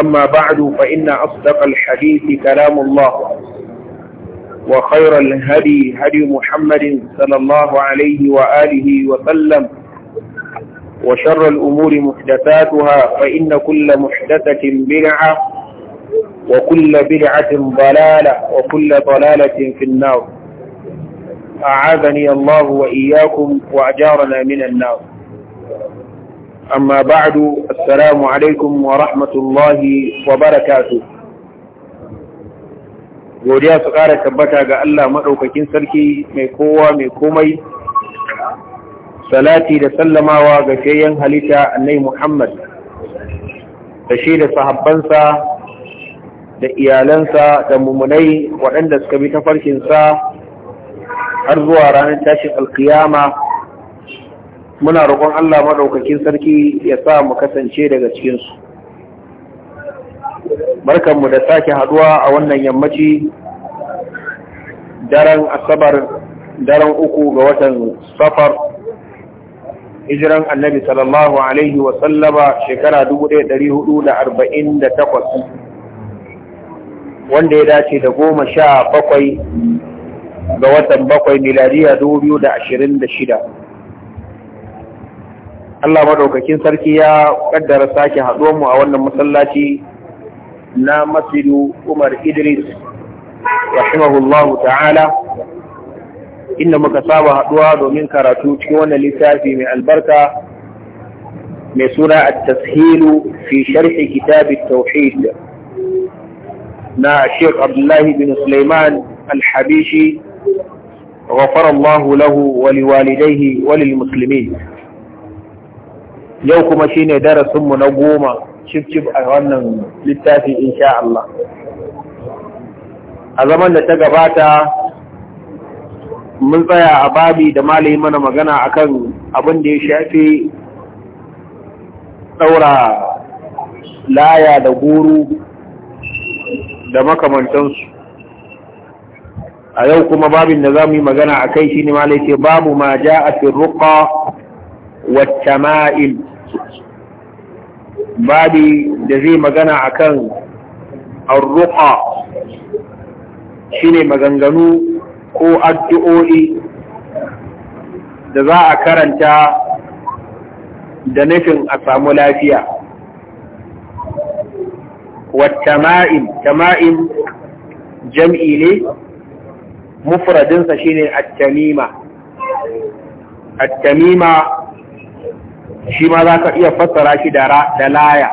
أما بعد فإن أصدق الحديث كلام الله وخير الهدي هدي محمد صلى الله عليه وآله وسلم وشر الأمور محدثاتها فإن كل محدثة بلعة وكل بلعة ضلالة وكل ضلالة في النار أعاذني الله وإياكم وأجارنا من النار أما بعد السلام عليكم ورحمة الله وبركاته godiya su ƙara tabbata ga Allah maɗaukakin sarki mai kowa mai komai salati da sallamawa ga fiyayyen halitta annai Muhammad da shi da sahabbansa da iyalansa da mummunai waɗanda suka bi ta tafarkinsa har zuwa ranar tashin alkiyama muna roƙon Allah maɗaukakin sarki ya sa mu kasance daga cikinsu. Barkanmu da sake haɗuwa a wannan yammaci daren asabar daren uku ga watan safar hijiran annabi sallallahu Alaihi wasallaba shekara 1448 wanda ya dace da goma sha bakwai ga watan bakwai miladiya 2026. Allah maɗaukakin sarki ya ƙaddara sake haɗuwanmu mu a wannan masallaci na masjidu Umar Idris rahimahullahu ta'ala inda muka saba haɗuwa domin karatu cikin wannan littafi mai albarka mai suna at-tashilu fi sharhi kitabi tauhid na Sheikh Abdullahi bin Sulaiman al-Habishi غفر الله له ولوالديه وللمسلمين yau kuma shine darasinmu na goma cif a wannan littafi insha Allah a zaman da ta gabata mun tsaya a babi da malayi mana magana akan abin da ya shafi ɗaura laya da guru da makamantansu a yau kuma babin da za mu yi magana a kai shi ne malayi ce babu ma ja a firruƙa wacce ma'il babi da zai magana akan arruqa shine maganganu ko addu'o'i da za a karanta da nufin a samu lafiya wattama'im tama'in jam'i ne mufradinsa shine at-tamima at shi ma za ka iya fassara shi da laya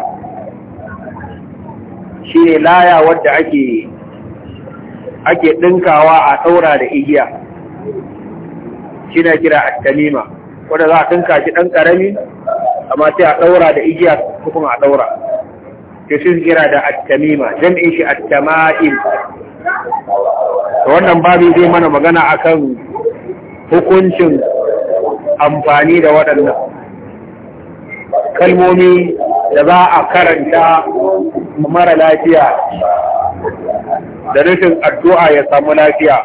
shi ne laya wadda ake ake ɗinkawa a ɗaura da igiya shi na kira a kalima wadda za a ɗinka shi ɗan ƙarami amma sai a ɗaura da igiya kuma a ɗaura ke sun kira da attamima in shi attama'il wannan babu zai mana magana akan hukuncin amfani da waɗannan kalmomi da za a karanta mara lafiya da rashin addu'a ya samu lafiya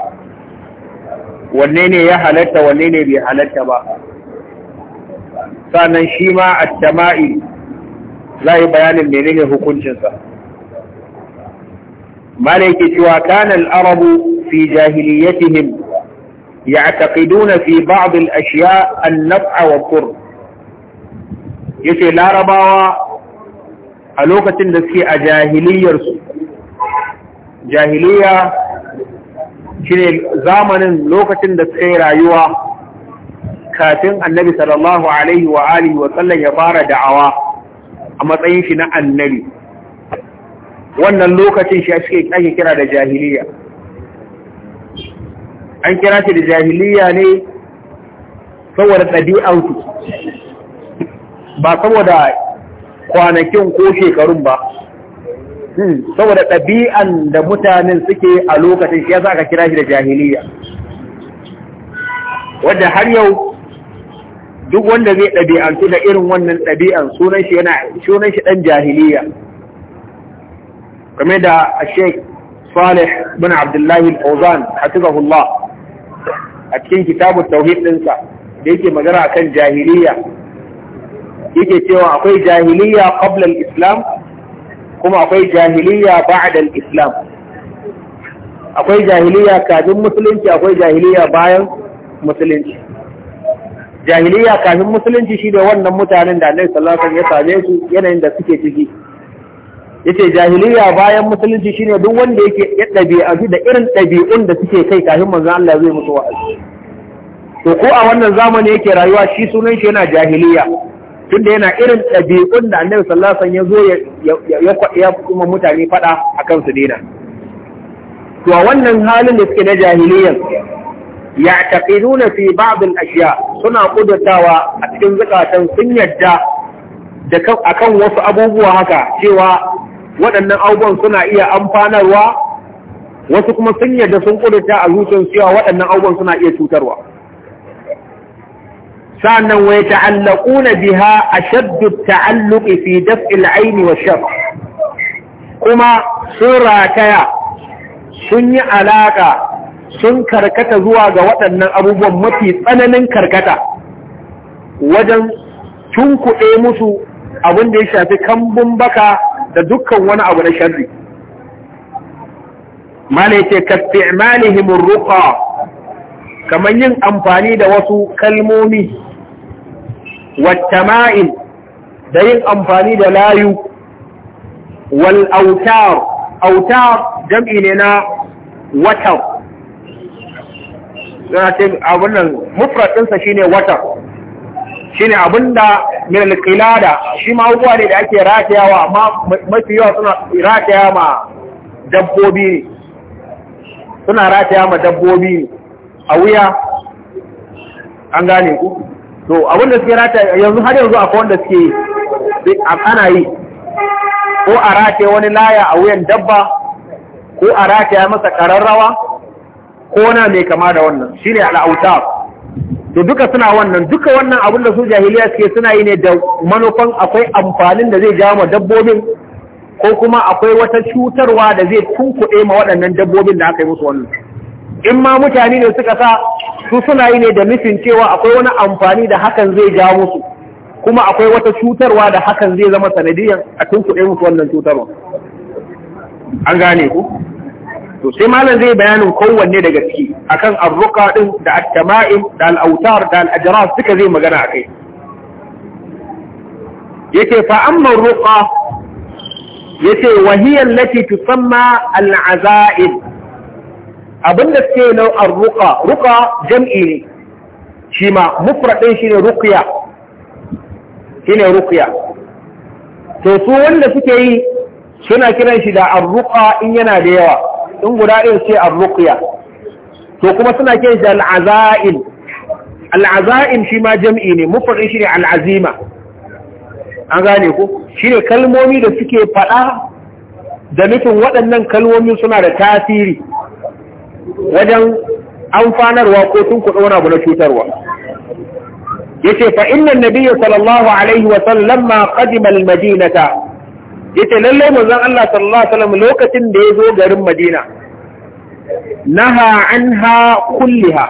wanne ne ya halatta wanne ne bai halatta ba sannan shi ma a jama'i za yi bayanin menene hukuncinsa mala cewa kanal arabu fi jahiliyatihim ya taƙiduna fi ba'adul ashiya an naf'a wa kur yace larabawa a lokacin da suke a jahiliyarsu jahiliya shine zamanin lokacin da suke rayuwa kafin annabi sallallahu alaihi wa alihi wa sallam ya fara da'awa a matsayin shi na annabi wannan lokacin shi ake ake kira da jahiliya an kira shi da jahiliya ne saboda ɗabi'ansu ba saboda kwanakin ko shekarun ba hmm, saboda ɗabi'an da mutanen suke a lokacin shi ya za ka kira shi da jahiliya wadda har yau duk wanda zai ɗabi'antu da irin wannan ɗabi'an sunan shi ɗan jahiliya kame da sheik salih bin abdullahi al-ozan hatizahullah a cikin kitabun tauhid ɗinsa da yake magana kan jahiliya yake cewa akwai jahiliya qabla islam kuma akwai jahiliya ba'da islam akwai jahiliya kafin musulunci akwai jahiliya bayan musulunci jahiliya kafin musulunci shine wannan mutanen da Annabi sallallahu alaihi wasallam ya same su yanayin da suke ciki yace jahiliya bayan musulunci shine duk wanda yake ya dabi'u da irin dabi'un da suke kai kafin manzon Allah zai musu wa'azi to ko a wannan zamani yake rayuwa shi sunan shi yana jahiliya tunda yana irin ɗabi'un da annabi sallallahu alaihi wasallam ya zo kuma mutane fada akan su dina to a wannan halin da suke na jahiliyyar ya taqiduna fi ba'd al-ashya suna kudatawa a cikin zakatan sun yadda da akan wasu abubuwa haka cewa waɗannan abubuwan suna iya amfanarwa wasu kuma sun yadda sun kudata a zuciyar cewa waɗannan abubuwan suna iya cutarwa sa'annan wa yata'allaquna biha ashaddu ta'alluqi fi daf'il 'aini wa shar kuma sun rataya sun yi alaƙa sun karkata zuwa ga waɗannan abubuwan mafi tsananin karkata wajen tun kuɗe musu abin da ya shafi kambun baka da dukkan wani abu na sharri mala yake kafi ruqa kamar yin amfani da wasu kalmomi wattama'il da yin amfani da layu wal autar autar jam'i ne na watar yana ce abin nan mufrad ɗinsa shine watar shine abinda min alqilada shi ma abubuwa ne da ake ratayawa amma mafi yawa suna rataya ma dabbobi suna rataya ma dabbobi a wuya an gane ku to abin da suke rata yanzu har yanzu akwai wanda suke ana yi ko a rataye wani laya a wuyan dabba ko a rataya masa ƙararrawa ko na mai kama da wannan shi ne al'auta to duka suna wannan duka wannan abin da su jahiliya suke suna yi ne da manufan akwai amfanin da zai jawo dabbobin ko kuma akwai wata cutarwa da zai tunkuɗe ma waɗannan dabbobin da aka yi musu wannan in ma mutane ne suka sa su suna yi ne da nufin cewa akwai wani amfani da hakan zai ja musu kuma akwai wata cutarwa da hakan zai zama sanadiyar a tunkuɗe musu wannan cutarwa an gane ku to sai malam zai bayanin kowanne daga ciki akan arruka din da at-tama'im da al-autar da al-ajras suka zai magana akai yake fa amma arruka yace wahiya allati tusamma al-azaib abin da suke nan an ruka ruka jam'i ne shi ma mufraɗin shi ne rukiya shi ne rukiya to su wanda suke yi suna kiran shi da an ruka in yana da yawa in guda ɗin ce an rukiya to kuma suna kiran shi da al'aza'in al'aza'in shi ma jam'i ne mufraɗin shi ne al'azima an gane ku shi ne kalmomi da suke faɗa da nufin waɗannan kalmomi suna da tasiri wajen amfanarwa ko tun ku wani abu na cutarwa yace fa inna Nabiya sallallahu alaihi wa ma qadima al-madinata yace lalle manzon Allah sallallahu alaihi wasallam lokacin da ya zo garin Madina naha anha kulliha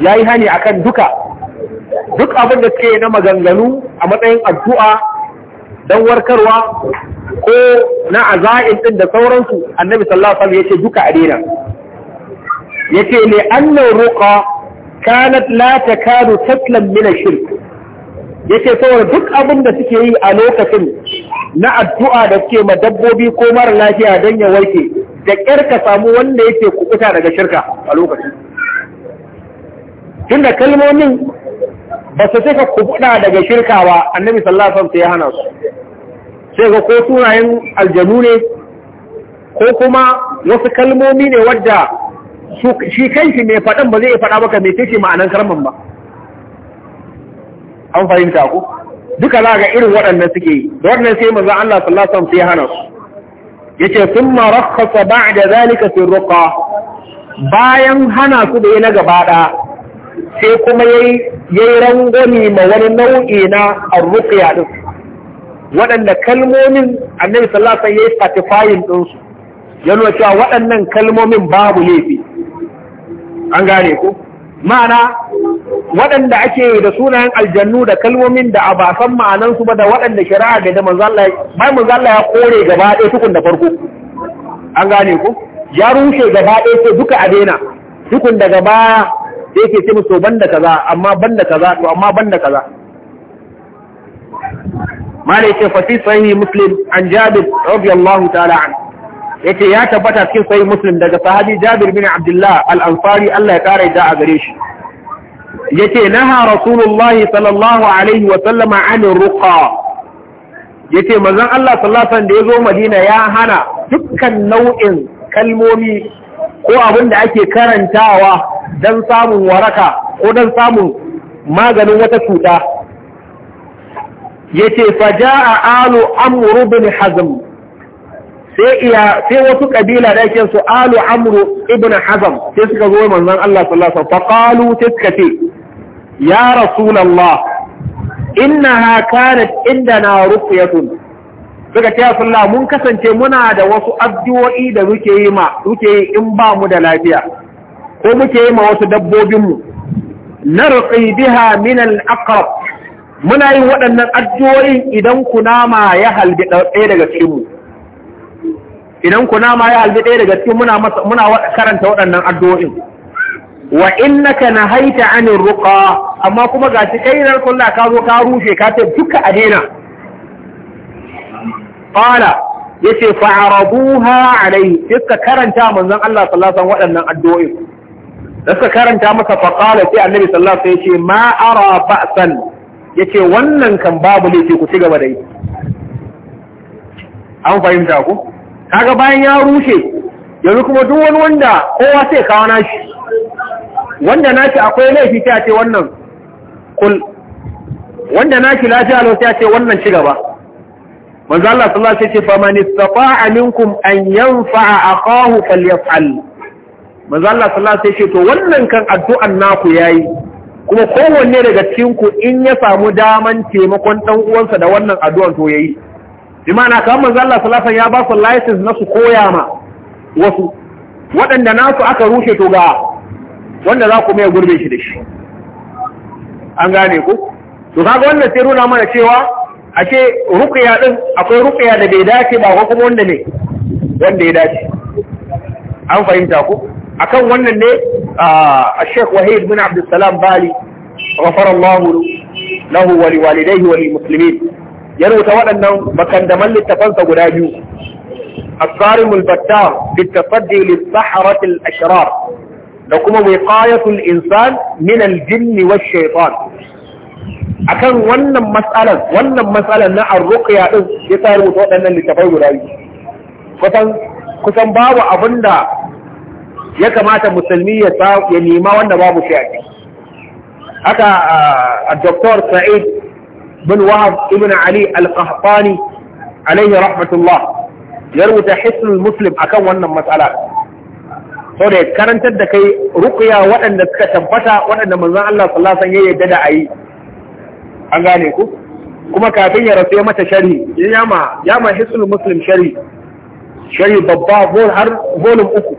yayi hani a kan duka duk abin da suke na maganganu a matsayin addu'a dan warkarwa ko na azain ɗin da sauransu annabi sallallahu alaihi wasallam yace duka a daina yace li anna ruqa kanat la takadu tatlan min shirk yace saboda duk abin da suke yi a lokacin na addu'a da suke ma dabbobi ko mara lafiya don ya warke da ƙyar ka samu wanda yake kukuta daga shirka a lokacin tunda kalmomin ba su suka kubuta daga shirka ba annabi sallallahu alaihi ya hana su sai ga ko sunayen aljanu ne ko kuma wasu kalmomi ne wadda shi kanshi mai faɗan ba zai iya faɗa maka mai tace ma'anan kalman ba an fahimta ku duka za ga irin waɗannan suke yi da waɗannan sai manzon Allah sallallahu alaihi wasallam sai hana su yace thumma rakhasa ba'da zalika fi ruqa bayan hana su da na gaba sai kuma yayi yayi rangoni ma wani nau'i na ar-ruqya din waɗanda kalmomin annabi sallallahu alaihi wasallam yayi satisfying din su yana cewa waɗannan kalmomin babu laifi an gane ku ma'ana waɗanda ake da sunayen aljannu da kalmomin da a ba san ma'anansu ba da waɗanda shari'a da da manzalla bai manzalla ya kore gaba ɗaya tukun da farko an gane ku ya rushe gaba ɗaya sai duka a daina tukun daga baya sai ke ce musu banda kaza amma banda kaza to amma banda kaza mala yake fa fi sahih muslim an jabir radiyallahu ta'ala anhu yace ya tabbata cikin sahih muslim daga sahabi jabir bin abdullah al-ansari Allah ya kare da a gare shi yace naha rasulullah sallallahu alaihi wa sallama an ruqa yace manzon Allah sallallahu alaihi da yazo Madina ya hana dukkan nau'in kalmomi ko abin da ake karantawa dan samun waraka ko dan samun maganin wata cuta yace a alu amr bin hazm sai wasu kabila da yake su alu amru ibn hazam sai suka zo manzon Allah sallallahu alaihi wasallam faqalu tiskati ya rasulullah innaha kanat indana ruqyatun suka ce sallallahu mun kasance muna da wasu addu'o'i da muke yi ma muke yi in ba mu da lafiya ko muke yi ma wasu dabbobin mu narqi biha min al-aqrab muna yin waɗannan addu'o'in idan kunama ya halbi ɗaya daga cikin mu idan nama ya halbi ɗaya daga cikin muna karanta waɗannan addu'o'in wa na haita anin ruƙa, amma kuma gashi kai na kullu ka zo ka rushe ka ce duka a daina fa’arabu yace a rai, duka karanta manzan Allah sallasan waɗannan addu'o'in da suka karanta masa faqala sai annabi sallasa ya ce yace ma ara ba'san yace wannan kan babu laifi ku ci gaba da yi an fahimta ku kaga bayan ya rushe yanzu kuma duk wani wanda kowa sai kawo nashi wanda nashi akwai laifi ta ce wannan kul wanda nashi lafiya lo ta ce wannan ci gaba manzo Allah sallallahu alaihi wasallam fa man istata'a minkum an yanfa'a akahu falyaf'al manzo Allah sallallahu alaihi wasallam to wannan kan addu'an naku yayi kuma kowanne daga cikin ku in ya samu daman taimakon dan uwansa da wannan addu'an to yayi bi ma'ana kamar manzo Allah sallallahu alaihi wasallam ya ba su license na su koya ma wasu waɗanda nasu aka rushe to ga wanda za ku mai gurbe shi da shi an gane ku to kaga wannan sai nuna mana cewa ake ruqiya din akwai ruqiya da bai dace ba ko kuma wanda ne wanda ya dace an fahimta ku akan wannan ne a Sheikh Wahid bin Abdul Salam Bali ghafarallahu lahu wa liwalidayhi wa lilmuslimin ya rubuta waɗannan makandaman littafansa guda biyu الصارم البتار بالتصدي للسحرة الأشرار لكم وقاية الإنسان من الجن والشيطان أكان ونن مسألة ونن مسألة نع الرقية يساروا تؤلنا لتفاول أي كسان كسان باب أبندا يكمات مسلمية ينيما ونباب شعب أكا الدكتور سعيد بن وهب ابن علي القحطاني عليه رحمة الله يروي حسن المسلم أكون وانا مسألة sau da ya karantar da kai rukuya waɗanda suka tabbata waɗanda manzan Allah sallasan ya yadda da a gane ku kuma kafin ya rasu ya mata shari yama ma hisul muslim shari shari babba har volum uku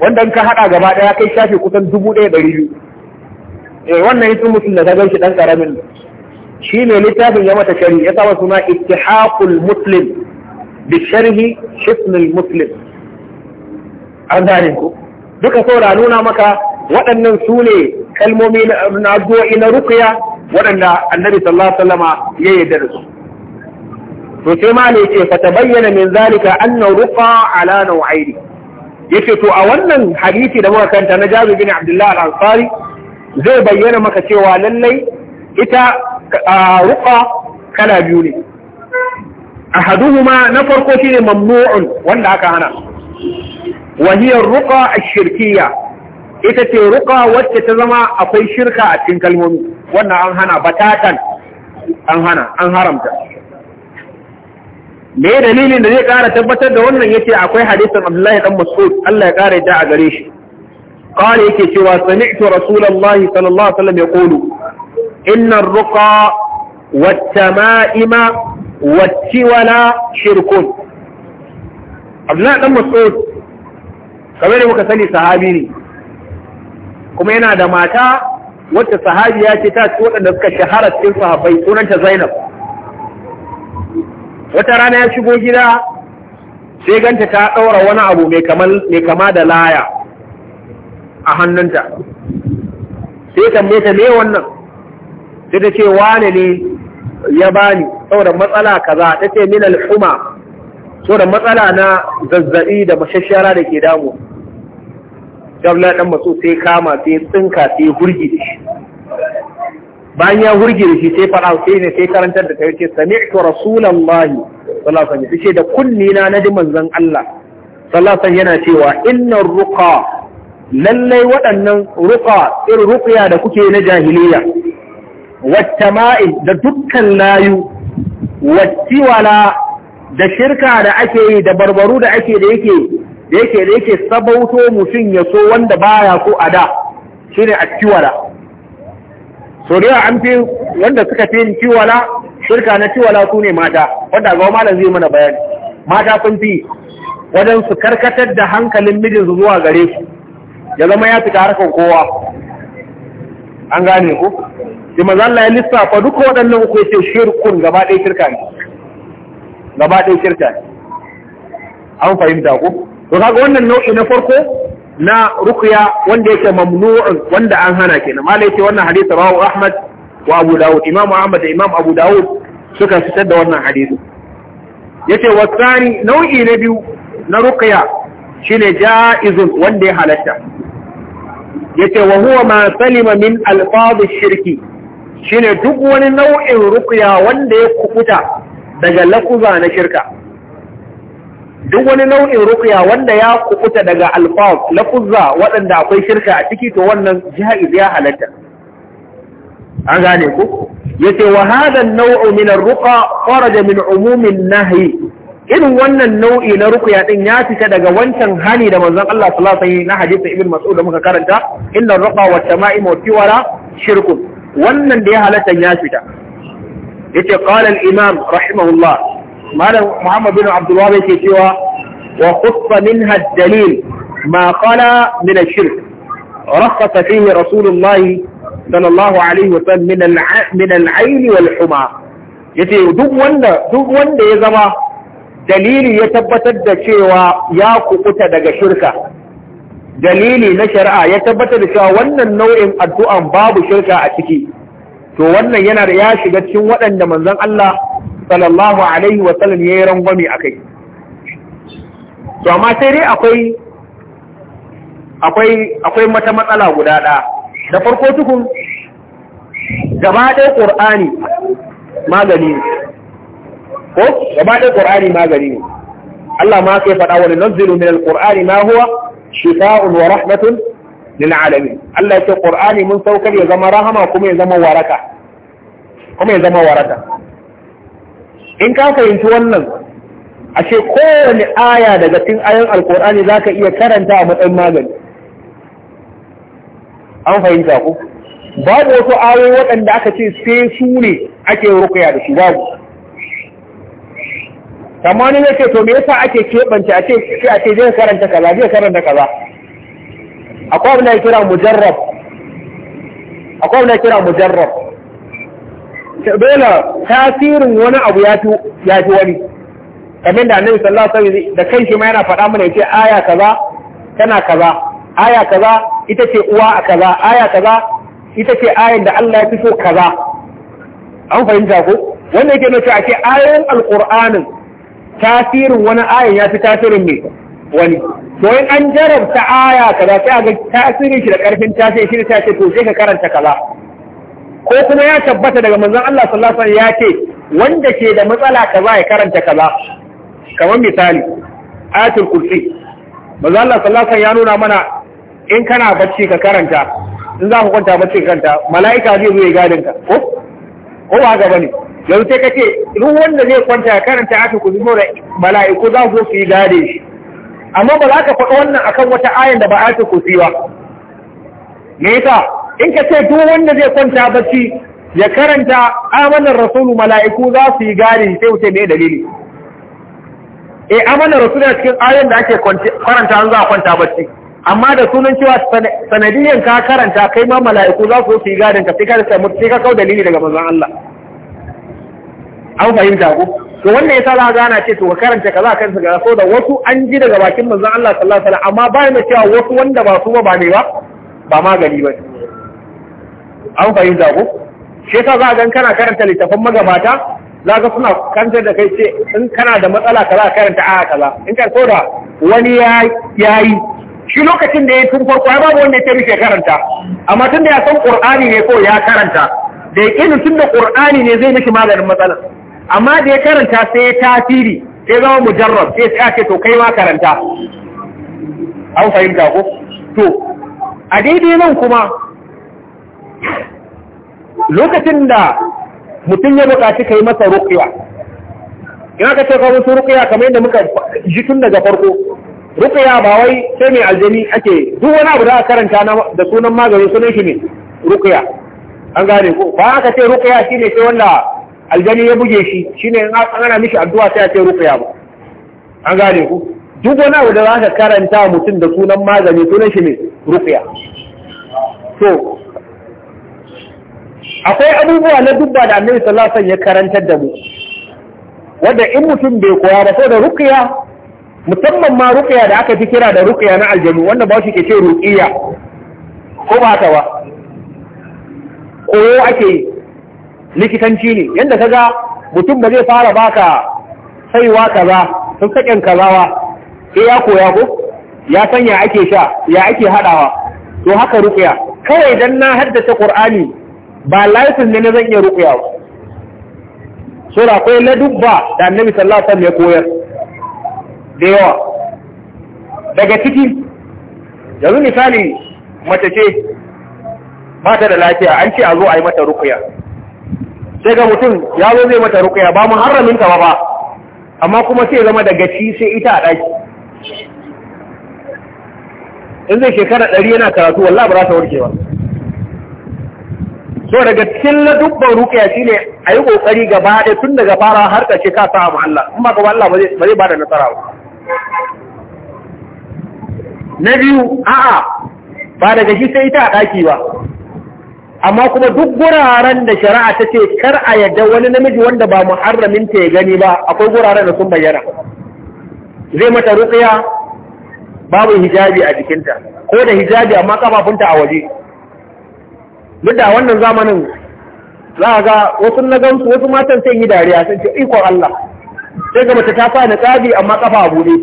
wanda ka haɗa gaba ɗaya kai shafi kusan dubu ɗaya ɗari biyu wannan hisul muslim da ta gan shi ɗan ƙaramin shi ne littafin ya mata shari ya saba suna ittihaqul muslim bi sharhi hisnul muslim an gane ku duka saura nuna maka waɗannan su ne kalmomi na addu'o'i na ruqya waɗanda annabi sallallahu alaihi wasallama ya yarda da su to sai ma ne ce fa tabayyana min zalika anna ruqa ala nau'aini yace to a wannan hadisi da muka kanta na Jabir bin Abdullah al-Ansari zai bayyana maka cewa lallai ita ruka kala biyu ne ma na farko shi ne mamnu'un wanda aka hana wa ruka a shirkiya ita ce ruka wacce ta zama akwai shirka a cikin kalmomi wannan an hana batatan an hana an haramta me dalilin da zai kara tabbatar da wannan yace akwai hadisin Abdullahi dan Mas'ud Allah ya kare da a gare shi قال yake cewa sami'tu rasulullahi sallallahu alaihi wasallam yaqulu innan ruka wata ma'ima wacce wala shirkun abdullahi ɗan mas'ud kamar da muka sani sahabi ne kuma yana da mata sahabi ya ce ta ci waɗanda suka shahara cikin sahabbai sunanta zainab wata rana ya shigo gida sai ganta ta ɗaura wani abu mai kama da laya a hannunta sai tambayeta ta me wannan sai ta ce wane ne ya bani saboda matsala kaza ta ce min al'umma saboda matsala na zazzabi da mashashara da ke damu jabla dan maso sai kama sai tsinka sai hurgi da shi bayan ya hurgi da shi sai fara sai ne sai karantar da kai ce sami'tu rasulullahi sallallahu alaihi wasallam da kunni na nadi manzon Allah sallallahu alaihi yana cewa innar ruqa lallai waɗannan ruqa irin ruqya da kuke na jahiliya wattama'i da dukkan layu wala da shirka da ake yi da barbaru da ake da yake da yake da yake sabauto mutum ya so wanda baya so a da shine ciwala? so da an fi wanda suka fi tiwala shirka na tiwala su ne mata wanda ga malam zai mana bayani mata sun fi wajen su karkatar da hankalin mijinsu zuwa gare shi ya zama ya fita harkar kowa an gane ku da mazalla ya lissafa duka waɗannan uku yake shirkun gaba ɗaya shirka ne gaba ɗaya shirka ne an fahimta ku to kaga wannan nau'i na farko na ruqya wanda yake mamnu'un wanda an hana kenan malai ce wannan hadisi rawu ahmad wa abu daud imam ahmad da imam abu daud suka fitar da wannan hadisi yace wasani nau'i na biyu na ruqya shine jaizun wanda ya halatta yace wa huwa ma salima min alfadhi shirki shine duk wani nau'in rukuya wanda ya kubuta daga lakuza na shirka duk wani nau'in rukuya wanda ya kubuta daga alfaz lafuzza waɗanda akwai shirka a ciki to wannan jaiz ya halatta an gane ku yace wa hadha an-naw'u min ar-ruqa kharaja min umumin nahyi irin wannan nau'i na rukuya din ya fita daga wancan hali da manzon Allah sallallahu alaihi na hadisi ibn mas'ud da muka karanta inna ruqa wa tama'im wa tiwara shirkun wannan da ya halatta ya fita yace qala al imam rahimahullah malam muhammad bin abdullah yake cewa wa khuffa minha ad dalil ma qala min al shirk rakhasa fihi rasulullah sallallahu alaihi wa sallam min al min al ayn wal huma yace duk wanda duk wanda ya zama dalili ya tabbatar da cewa ya kukuta daga shirka dalili na shari'a ya tabbatar da cewa wannan nau'in addu'an babu shirka a ciki to wannan yana da ya shiga cikin waɗanda manzon Allah sallallahu alaihi wa sallam ya yi rangwame a kai to amma sai dai akwai akwai mata matsala guda ɗaya da farko tukun gaba ɗaya ƙur'ani magani ko gaba ɗaya qur'ani magani ne Allah ma sai faɗa wani nanzilu min alqur'ani ma huwa shifaa'un wa rahmatun lil alamin Allah ya ce qur'ani mun saukar ya zama rahama kuma ya zama waraka kuma ya zama waraka in ka fahimci wannan ashe kowane aya daga cikin ayoyin alqur'ani zaka iya karanta a matsayin magani an fahimta ku babu wasu ayoyi waɗanda aka ce sai su ne ake rukuya da shi babu amma wani zai to me yasa ake keɓance ake ce ake jin karanta kaza jin karanta kaza akwai abin da kira mujarrab akwai abin da kira mujarrab dole tasirin wani abu ya fi ya fi wani kamar da annabi sallallahu alaihi wasallam da kanshi ma yana faɗa mana yace aya kaza tana kaza aya kaza ita ce uwa a kaza aya kaza ita ce ayin da Allah ya fi so kaza an fahimta ko wanda yake nufi cewa ce ayoyin alqur'anin tasirin wani ayin ya fi tasirin mai wani to in an jarabta aya ka za a ga tasirin shi da karfin tasirin shi ta ce to sai ka karanta kaza ko kuma ya tabbata daga manzon Allah sallallahu alaihi wasallam ya ce wanda ke da matsala kaza ya karanta kaza kamar misali ayatul kursi manzon Allah sallallahu alaihi wasallam ya nuna mana in kana bacci ka karanta in za ku kwanta bacci ka karanta mala'ika zai zo ya gadin ka ko ko ba ga bane yau sai ce duk wanda zai kwanta ya karanta aka ku zuwa da mala'iku za su yi gade shi amma ba za ka faɗi wannan akan wata ayan da ba a ku kusi ba me yasa in ka ce duk wanda zai kwanta bacci ya karanta amanar rasulu mala'iku za su yi gade sai wuce me dalili eh amanar rasulu cikin ayan da ake karanta an za a kwanta bacci amma da sunan cewa sanadiyan ka karanta kai ma mala'iku za su yi gadin ka sai ka sai ka kau dalili daga manzon Allah an fahimta ko to wannan yasa za ga ana ce to karanta kaza kan su ga so da wasu an ji daga bakin manzon Allah sallallahu alaihi wasallam amma bayan da cewa wasu wanda ba su ba ba ne ba ba magani ba an fahimta ko shi yasa za ga kana karanta littafin magabata za ga suna kanta da kai ce in kana da matsala kaza karanta a kaza in ka so da wani ya yi shi lokacin da ya tun farko ya babu wanda ya ce rufe karanta amma tun da ya san qur'ani ne ko ya karanta da ya tun da qur'ani ne zai mishi maganin matsalar amma da ya karanta sai ya tasiri sai zama mujarrab sai ya ce to kai ma karanta an fahimta ko to a daidai nan kuma lokacin da mutum ya buƙaci kai masa rukiya ina ka ce kawo musu rukiya kamar yadda muka ji tun daga farko rukiya ba wai sai mai aljani ake duk wani abu da aka karanta da sunan magani sunan shi ne rukiya an gane ko ba aka ce shi ne sai wanda aljani ya buge shi shine in an ana mishi addu'a sai a ce ba an gane ku duk wani abu da zaka karanta mutum da sunan magani sunan shi ne ruqya to akwai abubuwa na dubba da annabi sallallahu alaihi wasallam ya karantar da mu wanda in mutum bai koya ba saboda ruqya musamman ma ruqya da aka fi kira da ruqya na aljanu wanda ba shi ke ce ruqiya ko ba ta ba koyo ake yi likitanci ne yadda ka ga mutum ba zai fara ba baka saiwa kaza sun saƙin kazawa sai ya koya ko ya san ya ake sha ya ake haɗawa to haka rukiya kawai dan na haddace Kur'ani ba laifin ne na zan iya rukiya ba sura akwai ba, da annabi sallallahu alaihi wasallam ya koyar da yawa daga ciki yanzu misali mace ce ba ta da lafiya an ce a zo a yi mata rukiya sai ga mutum ya zo zai mata rukuya ba mu haramin ta ba amma kuma sai zama da gaci sai ita a ɗaki in zai shekara ɗari yana karatu wallah ba za ta warke ba so daga cikin ladubban rukuya shine a yi ƙoƙari gaba ɗaya tun daga fara har ƙarshe ka sa mu Allah in ba gaba Allah ba zai ba da nasara ba na biyu a'a ba daga shi sai ita a ɗaki ba amma kuma duk guraren da shari'a ta ce kar a yadda wani namiji wanda ba muharramin ta ya gani ba akwai guraren da sun bayyana zai mata rukiya babu hijabi a jikinta ko da hijabi amma kafafunta a waje duk da wannan zamanin za a ga wasu na gansu wasu matan sai yi dariya sun ce ikon Allah sai ga mace ta fa na tsabi amma kafa a buɗe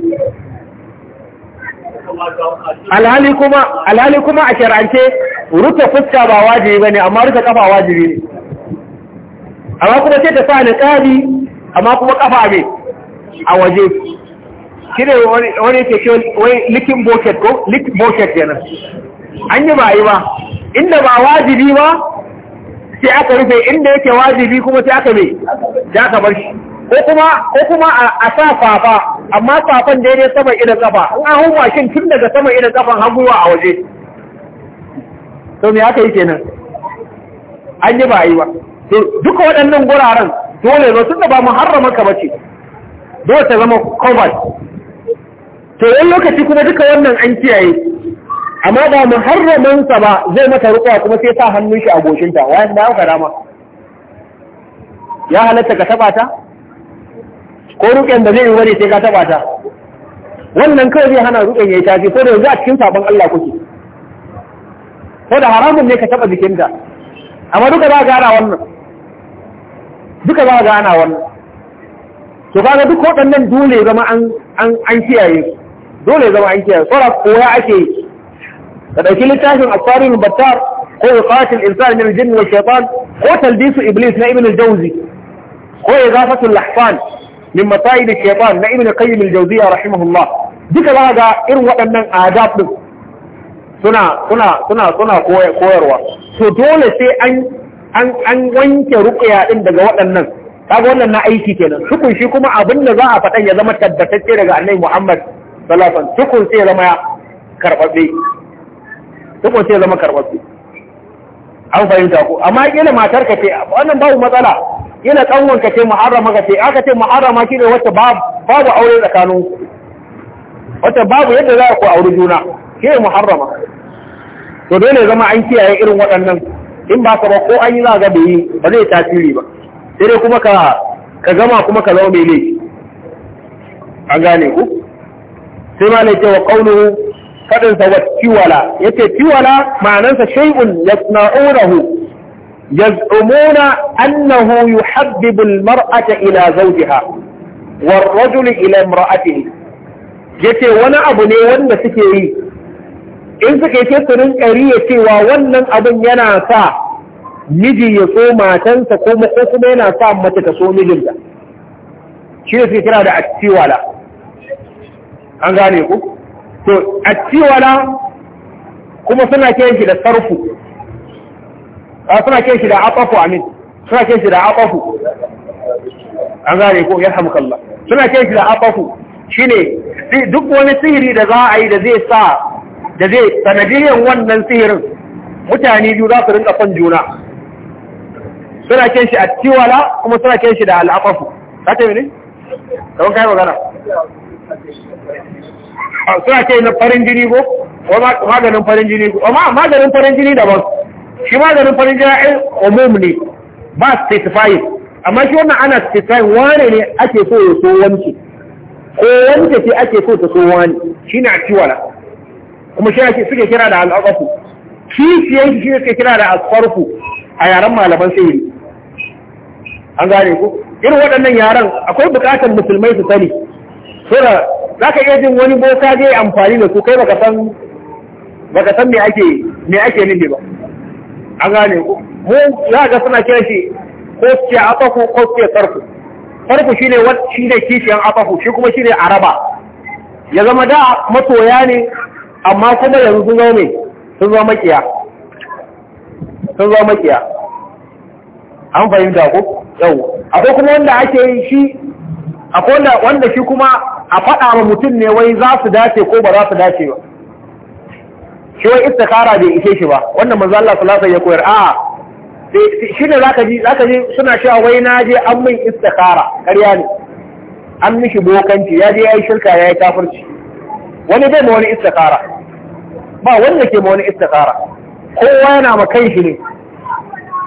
alhali kuma a shar'ance rufe fuska ba wajibi ba ne amma rufe kafa wajibi ne amma kuma sai ta sa niƙari amma kuma kafa ne a waje shi ne wani yake ce wani likin bucket ko likin bucket yana an yi ba yi ba inda ba wajibi ba sai aka rufe inda yake wajibi kuma sai aka mai da aka bar shi ko kuma a sa fafa amma fafan daidai sama idan kafa an hau mashin tun daga sama idan kafan haguwa a waje to me aka yi kenan an yi ba a yi ba to duka waɗannan guraren dole ba da ba muharrama ka bace dole ta zama covered to yan lokaci kuma duka wannan an kiyaye amma ba mu sa ba zai mata rukuwa kuma sai sa hannun shi a goshinta yanda ya aka ma ya halatta ka taba ta ko rukin da zai yi wani sai ka taba ta wannan kawai zai hana ya yi tafi ko da yanzu a cikin sabon Allah kuke ko da haramun ne ka taba jikinta amma duka za ga ana wannan duka za ga ana wannan to kaga duk waɗannan dole ya zama an an kiyaye su dole zama an kiyaye tsora koya ake yi ka ɗauki littafin Asfarin battar ko iqatil insan min al-jinn wa shaytan ko talbisu iblis na ibn al-jawzi ko izafatu al-lahfan min mata'id al-shaytan na ibn qayyim al-jawziyya rahimahullah duka za ga irin waɗannan adab ɗin. suna suna suna suna koyarwa to dole sai an an an wanke ruqya din daga waɗannan kaga wannan na aiki kenan tukun shi kuma abin da za a faɗan ya zama tabbatacce daga Annabi Muhammad sallallahu alaihi wasallam tukun sai ya zama karbabbe tukun sai ya zama karbabbe an fahimta ko amma kila matar ka ce wannan babu matsala kila kanwan ka ce muharrama ka ce aka ce muharrama shi ne wacce babu aure tsakanin wacce babu yadda za ku aure juna ke muharrama to dole zama an kiyaye irin waɗannan in ba ka ba ko an yi za ga bai yi ba zai tasiri ba sai dai kuma ka ka gama kuma ka zama mai laifi A gane ku sai ma ne cewa qawluhu fadin sa wat tiwala yace tiwala ma'anansa shay'un yasna'unahu يزعمون أنه يحبب ila إلى wa والرجل ila امرأته yace wani abu ne wanda suke yi in suka ce su rinka riya cewa wannan abin yana sa miji ya so matansa ko kuma yana sa mace ta so mijinta shi ne suke kira da ciwala an gane ku to ciwala kuma suna kiyan shi da sarfu ah, suna kiyan shi da afafu amin suna kiyan shi da afafu an gane ku ya hamkalla suna kiyan shi da afafu ne duk wani sihiri da za a yi da zai sa da zai sanadiyyar wannan sihirin mutane biyu za su rinka son juna suna ken shi a tiwala kuma suna ken shi da al'afafu ka ce mini? kawon kayan magana suna ce na farin jini ko maganin farin jini ko amma maganin farin jini daban shi maganin farin jini ɗin umum ne ba specifying amma shi wannan ana specifying wane ne ake so ya so wanke ko wanke ce ake so ta so wani shi ne a tiwala kuma shi suke kira da al'aqafu kishiyan shi suke kira da asfarfu a yaren malaman sihiri an gane ku irin waɗannan yaren akwai buƙatar musulmai su sani sura za ka iya jin wani boka zai amfani da su kai baka san baka san me ake me ake nufi ba an gane ku mu za ga suna kira shi ko ce afafu ko ce sarfu sarfu shine shine kishiyan afafu shi kuma shine araba ya zama da matoya ne amma kuma yanzu sun zama ne sun zama makiya sun zama makiya an fahimta ko yau akwai kuma wanda ake yi shi akwai wanda wanda shi kuma a faɗa ma mutum ne wai za su dace ko ba za su dace ba shi wai istikara bai ishe shi ba wannan manzo Allah sallallahu alaihi ya koyar a'a shi ne zaka ji zaka ji suna cewa wai na je an min istikara ƙarya ne an mishi bokanci ya je yayi shirka yayi kafirci wani bai ma wani istikara ba wanda ke ma wani istikara kowa yana ma kai shi ne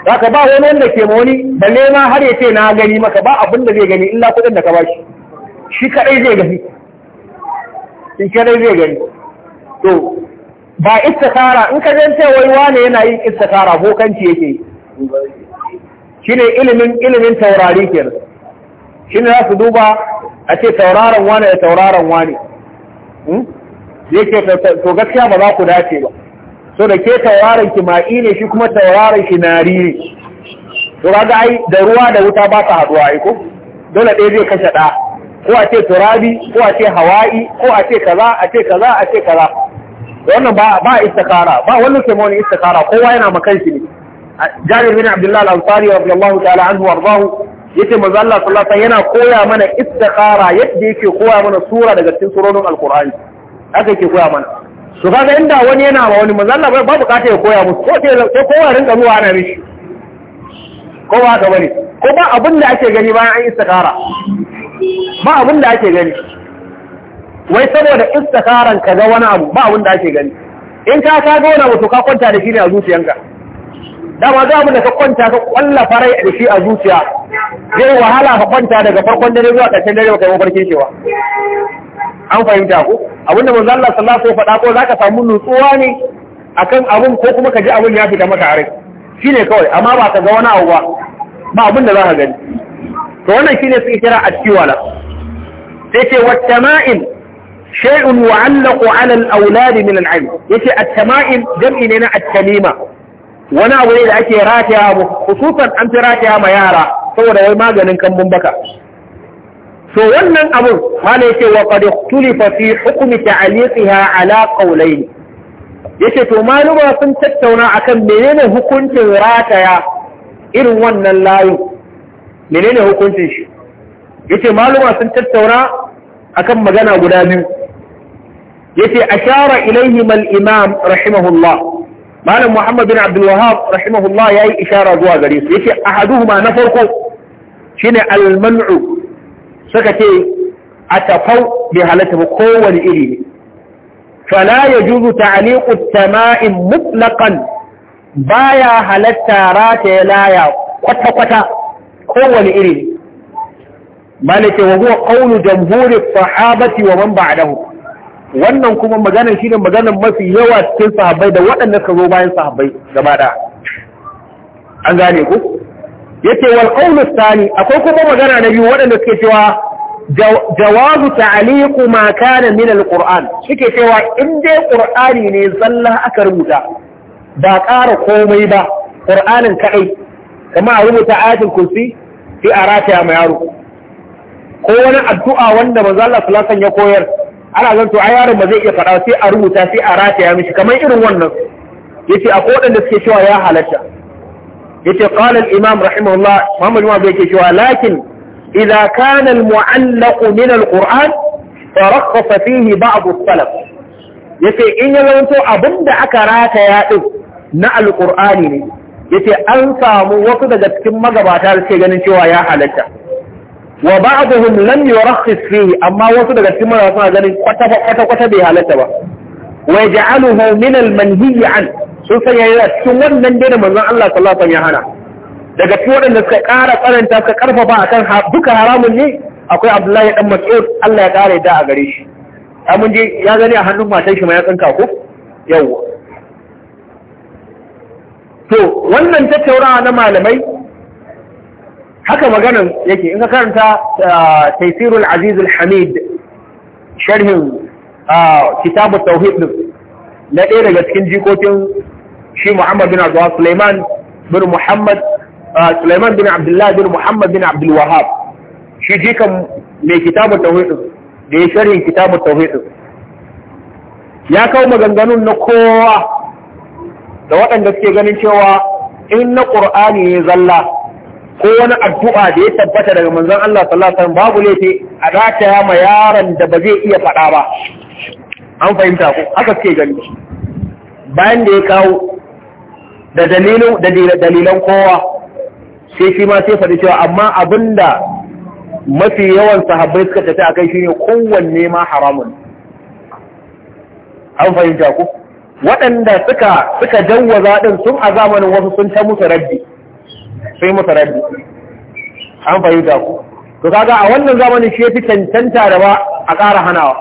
zaka ba wani wanda ke ma wani balle ma har ya ce na gani maka ba abin da zai gani illa kuɗin da ka bashi shi kadai zai gani shi kadai zai gani to ba istikara in ka zan ce wai wane yana yin istikara bokanci yake yi shine ilimin ilimin taurari kenan shine za su duba a ce tauraron wane da tauraron wane Hmm? yake to gaskiya ba za ku dace ba so da ke tauraron ki ma'i ne shi kuma tauraron shi nari ne to kaga ai da ruwa da wuta ba ta haduwa ai ko dole ɗaya zai kashe ɗa ko a ce turabi ko a ce hawa'i ko a ce kaza a ce kaza a ce kaza wannan ba ba istikara ba wannan sai mawani istikara kowa yana makan shi ne Jabir bin Abdullahi al-Ansari radiyallahu ta'ala anhu wardahu yake manzo Allah sallallahu alaihi yana koya mana istikhara yadda yake koya mana sura daga cikin suronin alqur'ani haka yake koya mana su kaga inda wani yana ba wani manzo Allah ba bukata ya koya musu ko ko ya rinka zuwa ana mishi ko ba ka bane ko ba abin da ake gani bayan an istikhara ba abin da ake gani wai saboda istikharan kaga wani abu ba abin da ake gani in ka kaga wani abu to ka kwanta da shi ne a zuciyanka dama za mu da ka kwanta ka kwalla farai da shi a zuciya zai wahala ka kwanta daga farkon dare zuwa ƙarshen dare baka yi mafarkin cewa an fahimta ku? abinda manzo Allah sallallahu alaihi wasallam faɗa ko zaka samu nutsuwa ne akan abun ko kuma ka ji abun ya fita maka rai shine kawai amma ba ka ga wani abu ba ba abin da zaka gani to wannan shine suke kira atiwala. tiwala sai ce wat-tama'im shay'un wa'allaqu 'ala al-awlad min al-'ilm yace at-tama'im jam'i ne na at-tamima wani abu ne da ake rataya mu hususan an fi rataya ma yara saboda wai maganin kambun baka so wannan abun mala yake wa qad ikhtalifa fi hukmi ta'liqiha ala qawlayn yace to maluma sun tattauna akan menene hukuncin rataya irin wannan layin menene hukuncin shi yace maluma sun tattauna akan magana guda biyu yace ashara ilayhim al-imam rahimahullah malam muhammad bin abdul wahab rahimahullah yayi ishara zuwa gare su yace ahaduhuma na farko shine al man'u suka ce atafau bi halatta ba kowani iri ne fala yajuzu ta'liqu at-tama'im mutlaqan baya halatta rata laya kwata kwata kowani iri ne malaka wa huwa qawlu jamhuri sahabati wa man ba'dahu wannan kuma maganar ne maganar mafi yawa cikin sahabbai da waɗanda suka zo bayan sahabbai gaba da an gane ku ce wal qawlu thani akwai kuma magana na biyu waɗanda suke cewa jawabu ta ma kana min alquran suke cewa in dai qur'ani ne zalla aka rubuta ba ƙara komai ba qur'anin kaɗai kamar a rubuta ayatul kursi sai a rataya ma yaro ko wani addu'a wanda manzo Allah sallallahu ya koyar ana zan to ai yaron ba zai iya faɗa sai a rubuta sai a rataya mishi kamar irin wannan yace a kodan da suke cewa ya halatta yace qala al imam rahimahullah muhammad ma bai ke cewa lakin idza kana al mu'allaq min al qur'an tarakhasa fihi ba'd al salaf yace in ya to abinda aka rataya din na al qur'ani ne yace an samu wasu daga cikin magabata da suke ganin cewa ya halatta wa ba'dhum lam yurakhis fihi amma wasu daga cikin mara suna ganin kwata kwata kwata bai halatta ba wa yaj'aluhu min al-manhiy an sun sanya yana cikin wannan dai da manzon Allah sallallahu alaihi wasallam ya hana daga cikin waɗanda suka ƙara tsananta suka karfafa akan duka haramun ne akwai Abdullahi dan Mas'ud Allah ya ƙara da a gare shi mun je ya gani a hannun matan shi ma ya tsinka ko yawwa to wannan tattaunawa na malamai haka maganan yake in ka karanta uh, taisirul azizul hamid sharhin uh, kitabu tauhid din na ɗaya daga cikin jikokin shi muhammad bin abdullahi suleiman bin muhammad uh, suleiman bin abdullahi bin muhammad bin abdul shi jikan mai kitabu tauhid din da ya sharhin kitabu tauhid din ya kawo maganganun na kowa da waɗanda suke ganin cewa in na ƙur'ani ne zalla ko wani addu'a da ya tabbata daga manzon Allah sallallahu alaihi wasallam babu laifi a rataya ma yaron da ba zai iya faɗa ba an fahimta ko haka suke gani bayan da ya kawo da dalilan kowa sai shi ma sai faɗi cewa amma abinda mafi yawan sahabbai suka tafi akai shine kowanne ma haramun an fahimta ku waɗanda suka suka jawwaza din sun a zamanin wasu sun ta musu rabbi. sai masa an fahimta ku to kaga a wannan zamanin shi yafi cancanta da ba a ƙara hanawa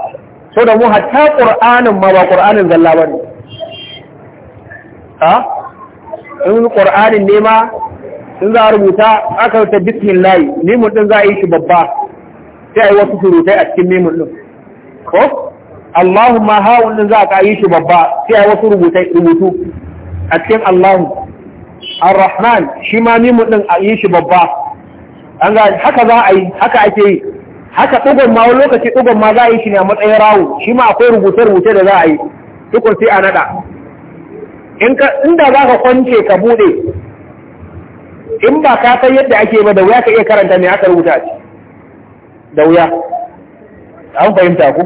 so da mu hatta qur'anin ma ba qur'anin zalla bane ha in qur'anin ne ma in za rubuta aka ta bismillah limun din za a yi shi babba sai ai wasu surutai a cikin limun din ko Allahumma ha'un din za a yi shi babba sai ai wasu rubutai rubutu a cikin Allahu ar-rahman shi ma mimu din a yi shi babba an ga haka za a yi haka ake yi haka tsugon ma wani lokaci tsugon ma za a yi shi ne a matsayin rawu shi ma akwai rubuce-rubuce da za a yi tukun sai a In inda za ka kwance ka bude in ba ka san yadda ake ba da wuya ka iya karanta ne aka rubuta ce da wuya an fahimta ku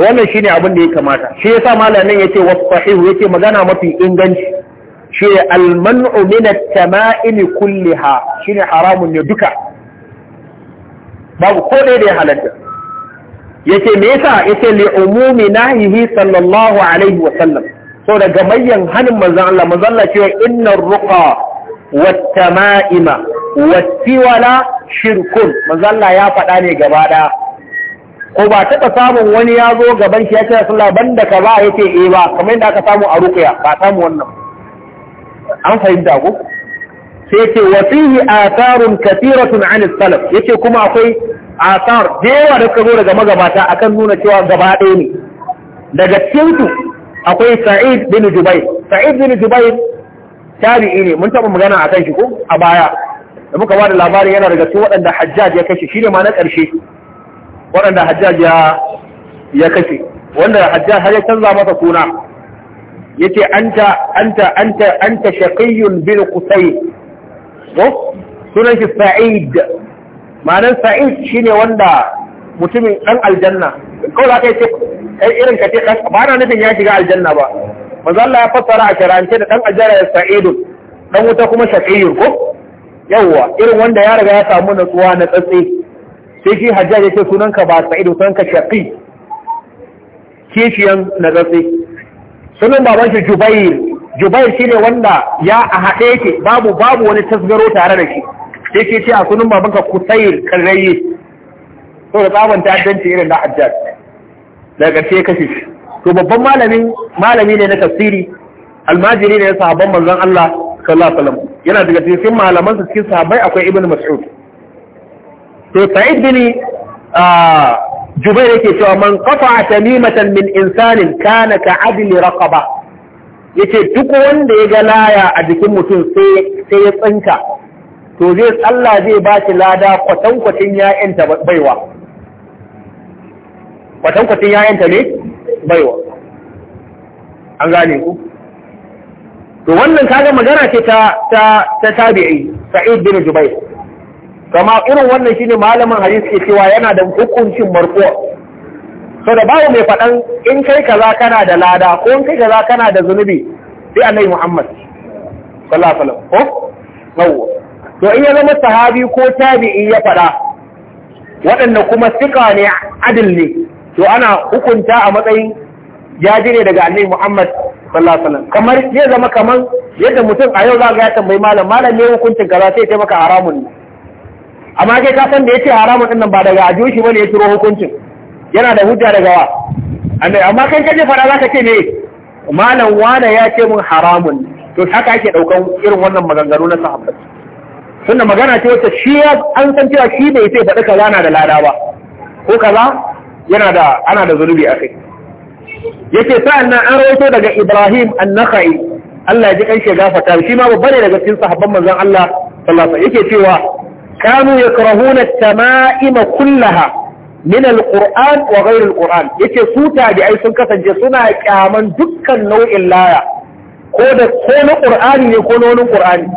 wannan shine abin da ya kamata shi yasa malamin ce wasu sahihu ce magana mafi inganci shi ne almanu minat tama'imi kulliha shi ne haramun ne duka babu ko dai da ya halatta yake me yasa yake li umumi nahihi sallallahu alaihi wa sallam so da gamayyan hanin manzon Allah manzon Allah cewa innar ruqa wat tama'ima wat tiwala shirkun manzon Allah ya faɗa ne gaba ko ba taɓa samun wani ya zo gaban shi ya ce sallah banda ka ba yace eh ba kamar yadda aka samu a ruqya ba samu wannan an fahimta ko sai yake wa fihi atharun kathiratun an salaf yake kuma akwai athar dewa da kazo daga magabata akan nuna cewa gaba ɗaya ne daga cikin su akwai Sa'id bin Jubair Sa'id bin Jubair tabi'i ne mun taba magana akan shi ko a baya da muka ba labarin yana daga cikin waɗanda Hajjaj ya kashe shine ma na ƙarshe waɗanda Hajjaj ya ya kashe wanda Hajjaj har ya canza masa suna yace anta anta anta anta shaqiyyun bin qusay ko sunan shi sa'id ma'anar sa'id shine wanda mutumin dan aljanna kawai za ka yi irin ka ce ba na nufin ya shiga aljanna ba manzo Allah ya fassara a sharance da dan aljanna ya sa'id dan wuta kuma shaqiyyun ko yawwa irin wanda ya riga ya samu natsuwa na tsatsi sai shi hajjaj ya ce sunanka ba sa'id sunanka shaqi kishiyan na tsatsi sunan baban shi Jubair Jubair shine wanda ya a haɗe yake babu babu wani tasgaro tare da shi ke ce a sunan baban ka Kusayr Karrayi to da tsaban ta addanci irin na Hajjar daga ƙarshe kashe shi to babban malamin malami ne na tafsiri almajiri ne na sahabban manzon Allah sallallahu alaihi wasallam yana daga cikin malaman su cikin sahabbai akwai Ibn Mas'ud to Sa'id bin ah, jubair yake cewa man kafa tamimatan min insanin kana ka adli raqaba yace duk wanda ya ga laya a jikin mutum sai ya tsinka to zai Allah zai ba shi lada kwatan-kwatan kwatankwacin ta baiwa kwatankwacin ta ne baiwa an gane ku to wannan kaga magana ce ta ta tabi'i sa'id bin jubair kama irin wannan shine malamin hadisi ke cewa yana da hukuncin marko so da bawo mai faɗan in kai kaza kana da lada ko in kai kaza kana da zunubi sai annabi Muhammad sallallahu alaihi wasallam ko to in ya zama sahabi ko tabi'i ya faɗa waɗanda kuma sika ne adil ne to ana hukunta a matsayin jaji ne daga annabi Muhammad sallallahu alaihi wasallam kamar zai zama kamar yadda mutum a yau za ga ya tambayi malam malam ne hukuncin kaza sai ya taimaka haramun ne amma kai ka san da yace haramun dinnan ba daga ajo shi bane ya turo hukuncin yana da hujja daga wa amma kai kaje fara zaka ce ne malam wana ya ce mun haramun to haka ake daukan irin wannan maganganu na sahabbai tunda magana ce wacce shi an san cewa shi bai sai faɗi kaza na da lada ba ko kaza yana da ana da zunubi akai yake sa'an nan an rawaito daga Ibrahim an-Nakhai Allah ya ji kan shi gafarta shi ma babba ne daga cikin sahabban manzon Allah sallallahu alaihi wasallam yake cewa kanu yakrahuna tama'ima kullaha min alquran wa ghayr alquran yace su tabi'ai sun kasance suna kyaman dukkan nau'in laya ko da na qur'ani ne ko na wani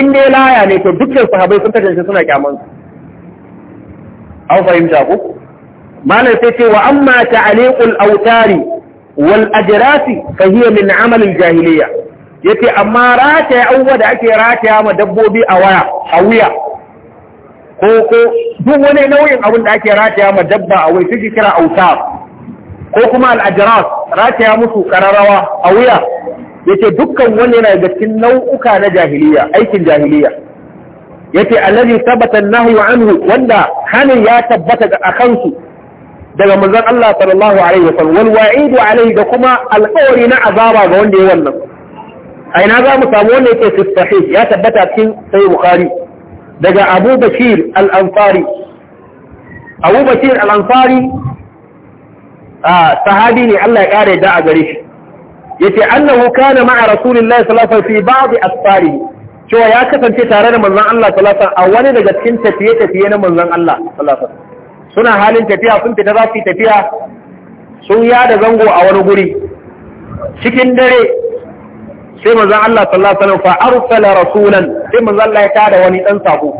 in dai laya ne to dukkan sahabbai sun kasance suna kyaman an fahimta ku malam sai ce wa amma ta'liqul autari wal ajrasi ka hiya min amal al jahiliya yace amma rataya awwa da ake rataya ma dabbobi a waya a wuya ko ko duk wani nau'in abin da ake rataya ma dabba a wai suke kira Auta ko kuma al'ajiras rataya musu kararrawa a wuya yace dukkan wani yana da cikin nau'uka na jahiliya aikin jahiliya yace allazi thabata an-nahyu anhu wanda hanin ya tabbata a kansu daga manzon Allah sallallahu alaihi wasallam wal wa'idu alaihi da kuma alƙawari na azaba ga wanda ya wannan a ina za mu samu wanda yake sahih ya tabbata cikin sai bukhari daga abu bashir al'amfari abu bashir al'amfari a sahabi ne Allah ya ƙara da' a gare shi ya yace annahu kana ma'a rasulillahi sallallahu alaihi wasallam ba ba'd asfari cewa ya kasance tare da manzan Allah sallallahu alaihi a wani daga cikin tafiye-tafiye na manzan Allah sallallahu alaihi suna halin tafiya sun fita za su tafiya sun yada zango a wani guri cikin dare sai manzon Allah sallallahu alaihi wasallam fa arsala rasulan sai manzon Allah ya tada wani dan sako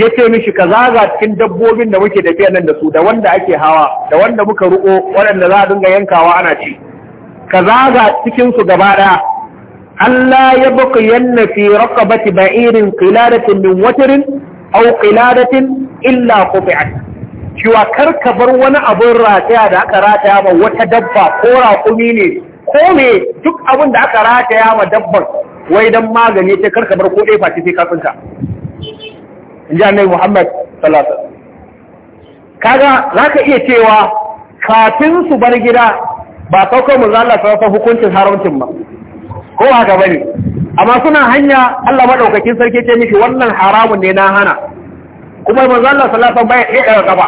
ya ce mishi ka zaga cikin dabbobin da muke tafiya nan da su da wanda ake hawa da wanda muka ruko waɗanda za a dinga yankawa ana ci ka zaga cikin su gaba ɗaya Allah ya baka yanna fi raqabati ba'irin qiladatin min watrin aw qiladatin illa qufi'at cewa kar ka bar wani abun rataya da aka rataya ba wata dabba ko raƙumi ne ko me duk abin da aka rataya ma dabban wai dan magani sai karka bar ko ɗaya face sai ka tsinka in ji annabi Muhammad sallallahu alaihi kaga zaka iya cewa kafin su bar gida ba sauka mu sai fa hukuncin haramcin ba ko haka bane amma suna hanya Allah madaukakin sarki ce miki wannan haramun ne na hana kuma manzo Allah sallallahu alaihi wasallam bai ɗaga gaba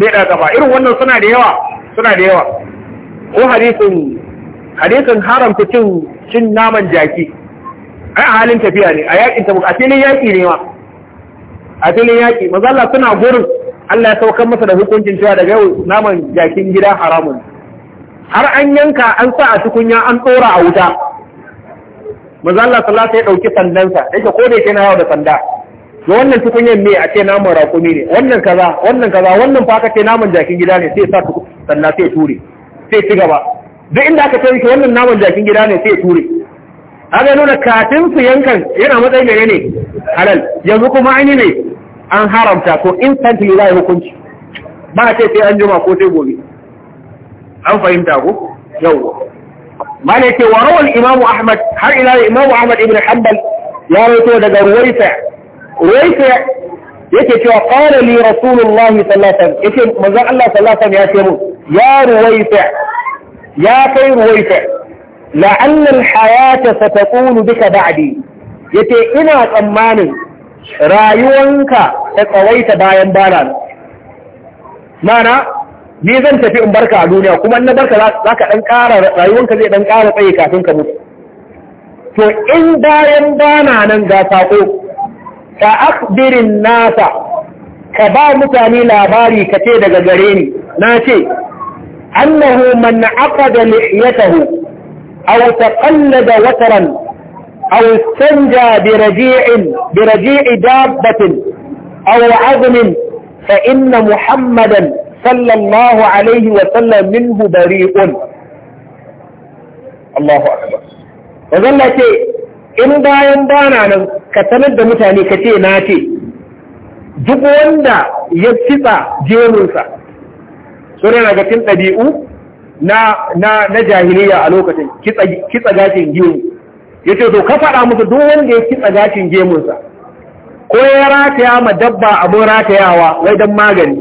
bai ɗaga gaba irin wannan suna da yawa suna da yawa ko hadisin hadisin haramta cin cin naman jaki ai a halin tafiya ne a yakin ta a filin yaki ne ma a filin yaki Maza Allah suna gurin Allah ya saukar masa da hukuncin cewa daga yau naman jakin gida haramun har an yanka an sa a tukunya an tsora a wuta Maza Allah sallallahu alaihi ya dauki sandansa yake ko da yake na yau da sanda ga wannan tukunyen me a ce naman raƙumi ne wannan kaza wannan kaza wannan fa ka ce naman jakin gida ne sai sa sanda sai ture sai ci gaba duk inda aka ce wannan naman jakin gida ne sai ture aga nuna kafin su yankan yana matsayin da ne halal yanzu kuma an yi ne an haramta ko instantly za a hukunci ba a ce sai an jima ko sai gobe an fahimta ko yau ma ne ke warawar imamu ahmad har ila imamu ahmad ibn hanbal ya rawaito daga ruwaisa ruwaisa yake cewa qala li rasulullahi sallallahu alaihi wasallam yake manzon Allah sallallahu alaihi wasallam ya ce mu ya ruwaita ya kai ruwaita la'anna al-hayata satakunu bika ba'di yace ina tsammanin rayuwanka ta tsawaita bayan bana mana ni zan tafi in barka a duniya kuma in na barka zaka dan ƙara rayuwanka zai dan ƙara tsaye kafin ka mutu to in bayan bana nan ga sako ka akbirin nasa ka ba mutane labari ka ce daga gare ni na ce annahu man aqada liyatahu aw taqallada wataran aw istanja bi raji'in bi raji'i dabbatin aw 'azmin fa inna muhammadan sallallahu alaihi wa sallam minhu bari'un Allahu akbar wannan ce in bayan bana nan ka sanar da mutane ka ce na ce duk wanda ya fitsa jemunsa suna daga cikin ɗabi'u na na jahiliya a lokacin kitsa gashin gemu ya ce to ka faɗa musu duk wanda ya kitsa gashin gemunsa ko ya rataya ma dabba abin ratayawa wai don magani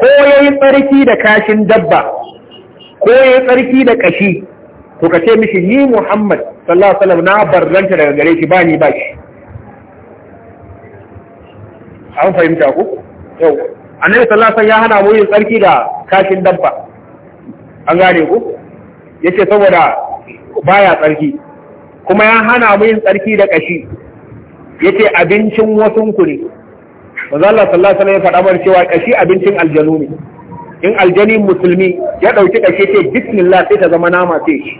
ko ya yi tsarki da kashin dabba ko ya yi tsarki da ƙashi to ka ce mishi ni Muhammad sallallahu alaihi wasallam na barranta daga gare shi ba ni ba shi an fahimta ku yau annabi sallallahu alaihi wasallam ya hana mu yin tsarki da kashin dabba an gane ku yace saboda baya tsarki kuma ya hana mu yin tsarki da kashi yace abincin wasun ku ne manzo Allah sallallahu alaihi wasallam ya faɗa mana cewa kashi abincin aljanu ne in aljani musulmi ya dauki kashi ce bismillah sai ta zama nama sai shi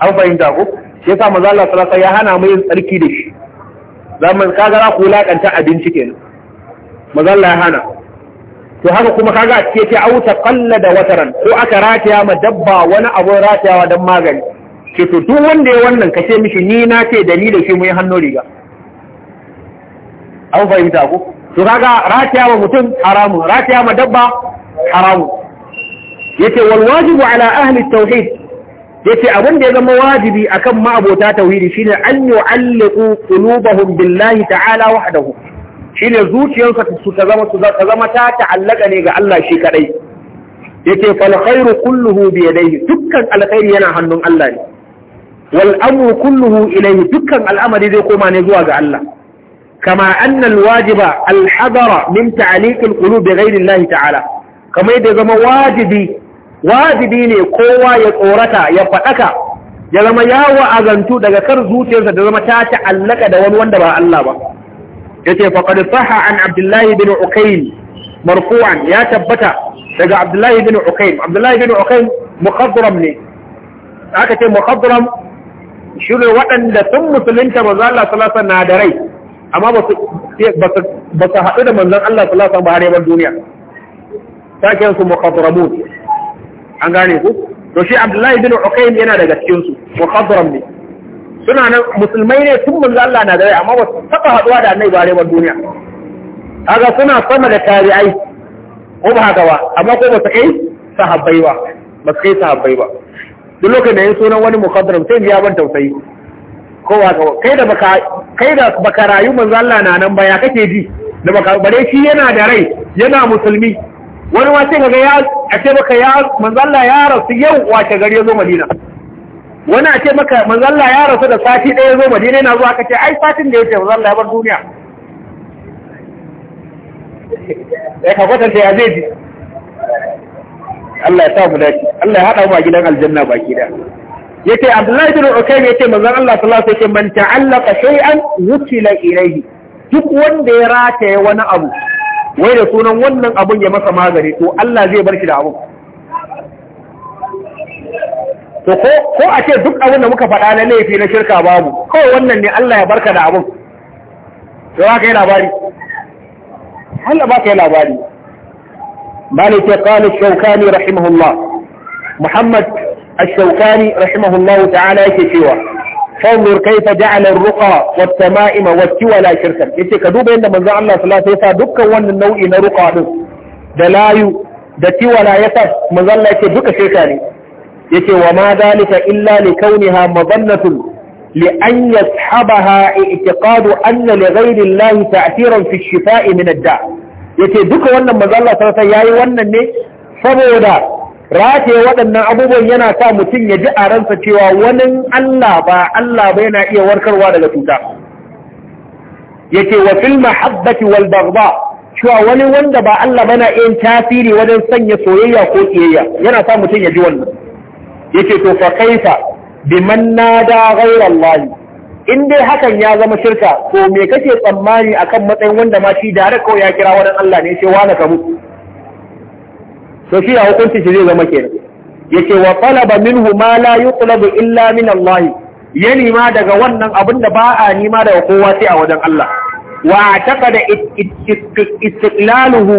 an fahimta ko shi yasa manzo Allah sallallahu alaihi ya hana mu yin tsarki da shi zaman kaga za ku lakanta abinci kenan manzo Allah ya hana to haka kuma kaga a cikin ce auta qallada wataran ko aka rataya ma dabba wani abu ratayawa dan magani ce to duk wanda ya wannan kace mishi ni na ce da ni shi mu yi hannu riga an fahimta ko. to kaga ratayawa mutum haramu, rataya ma dabba haramu. yake wal wajibu ala ahli tauhid yace abin da ya zama wajibi akan ma'abota tauhidi shine an yu'alliqu qulubahum billahi ta'ala wahdahu shine zuciyarsa su ta zama su ta zama ta ta'allaka ne ga Allah shi kadai yace fal khairu kulluhu bi yadayhi dukkan alkhairi yana hannun Allah ne wal amru kulluhu ilayhi dukkan al'amari zai koma ne zuwa ga Allah kama anna wajiba al min ta'liq al qulub bi ghayri Allah ta'ala kamar da zama wajibi wajibi ne kowa ya tsorata ya faɗaka ya zama yawo azantu daga kar zuciyarsa da zama ta ta'allaka da wani wanda ba Allah ba yace faqad saha an abdullahi bin uqayl marfu'an ya tabbata daga abdullahi bin uqayl abdullahi bin uqayl mukhadram ne aka ce mukhadram shirin waɗanda sun musulunta manzon Allah sallallahu na da rai amma ba su haɗu da manzon Allah sallallahu alaihi wasallam ba har yaban duniya sakin su mukhadramut an gane ku to shi Abdullahi bin Uqaym yana daga cikin su mukhadram ne suna nan musulmai ne tun manzo Allah na da amma ba su taba haduwa da Annabi bare ban duniya kaga suna sama da tabi'ai ko ba haka ba amma ko ba su kai sahabbai ba ba su kai sahabbai ba duk lokacin da yin sunan wani mukhadram sai biya ban tausayi ko ba haka kai da baka kai da baka rayu manzo Allah na nan ba ya kake ji da baka bare shi yana da rai yana musulmi wani wace ga kaga ya a ce maka ya manzalla ya rasu yau wace gari ya zo madina wani a ce maka manzalla ya rasu da sati ɗaya ya zo madina yana zuwa kace ai satin da ya ce manzalla ya bar duniya ya ka kwatanta ya zai ji Allah ya sa mu dace Allah ya haɗa mu a gidan aljanna baki da ce Abdullahi bin ya ce, manzon Allah sallallahu alaihi wasallam man ta'allaqa shay'an wukila ilayhi duk wanda ya rataye wani abu wai da sunan wannan abun ya masa magani to Allah zai bar shi da abun to ko ko a ce duk abin da muka faɗa na laifi na shirka babu kawai wannan ne Allah ya barka da abun to haka yi labari Allah ba ka yi labari مالك قال الشوكاني رحمه Muhammad محمد الشوكاني رحمه الله yake cewa. fanzur kaifa ja'ala ar-ruqa wat-tama'ima wat-tiwala shirkan yace ka duba yadda manzon Allah sallallahu alaihi wasallam dukkan wannan nau'i na ruqa din da layu da tiwala yasa manzon Allah yace duka shirka ne yace wa ma dalika illa li kauniha madannatun li an yashabaha i'tiqadu anna li ghayri Allah ta'thiran fi ash-shifa'i min ad-da' yace duka wannan manzon Allah sallallahu alaihi wasallam yayi wannan ne saboda rataye waɗannan abubuwan yana sa mutum ya ji a ransa cewa wani Allah ba Allah ba yana iya warkarwa daga cuta yake wa mahabbati wal baghdha cewa wani wanda ba Allah ba na yin tasiri wajen sanya soyayya ko kiyayya yana sa mutum ya ji wannan yake to fa kaifa biman nada ghayra Allah in dai hakan ya zama shirka to me kake tsammani akan matsayin wanda ma shi da ko ya kira wani Allah ne sai wani ka mutu to shi ya hukunci shi zai zama kenan yace wa talaba minhu ma la yutlabu illa min Allah ya nima daga wannan abin da ba a nima daga kowa sai a wajen Allah wa taqada istiqlaluhu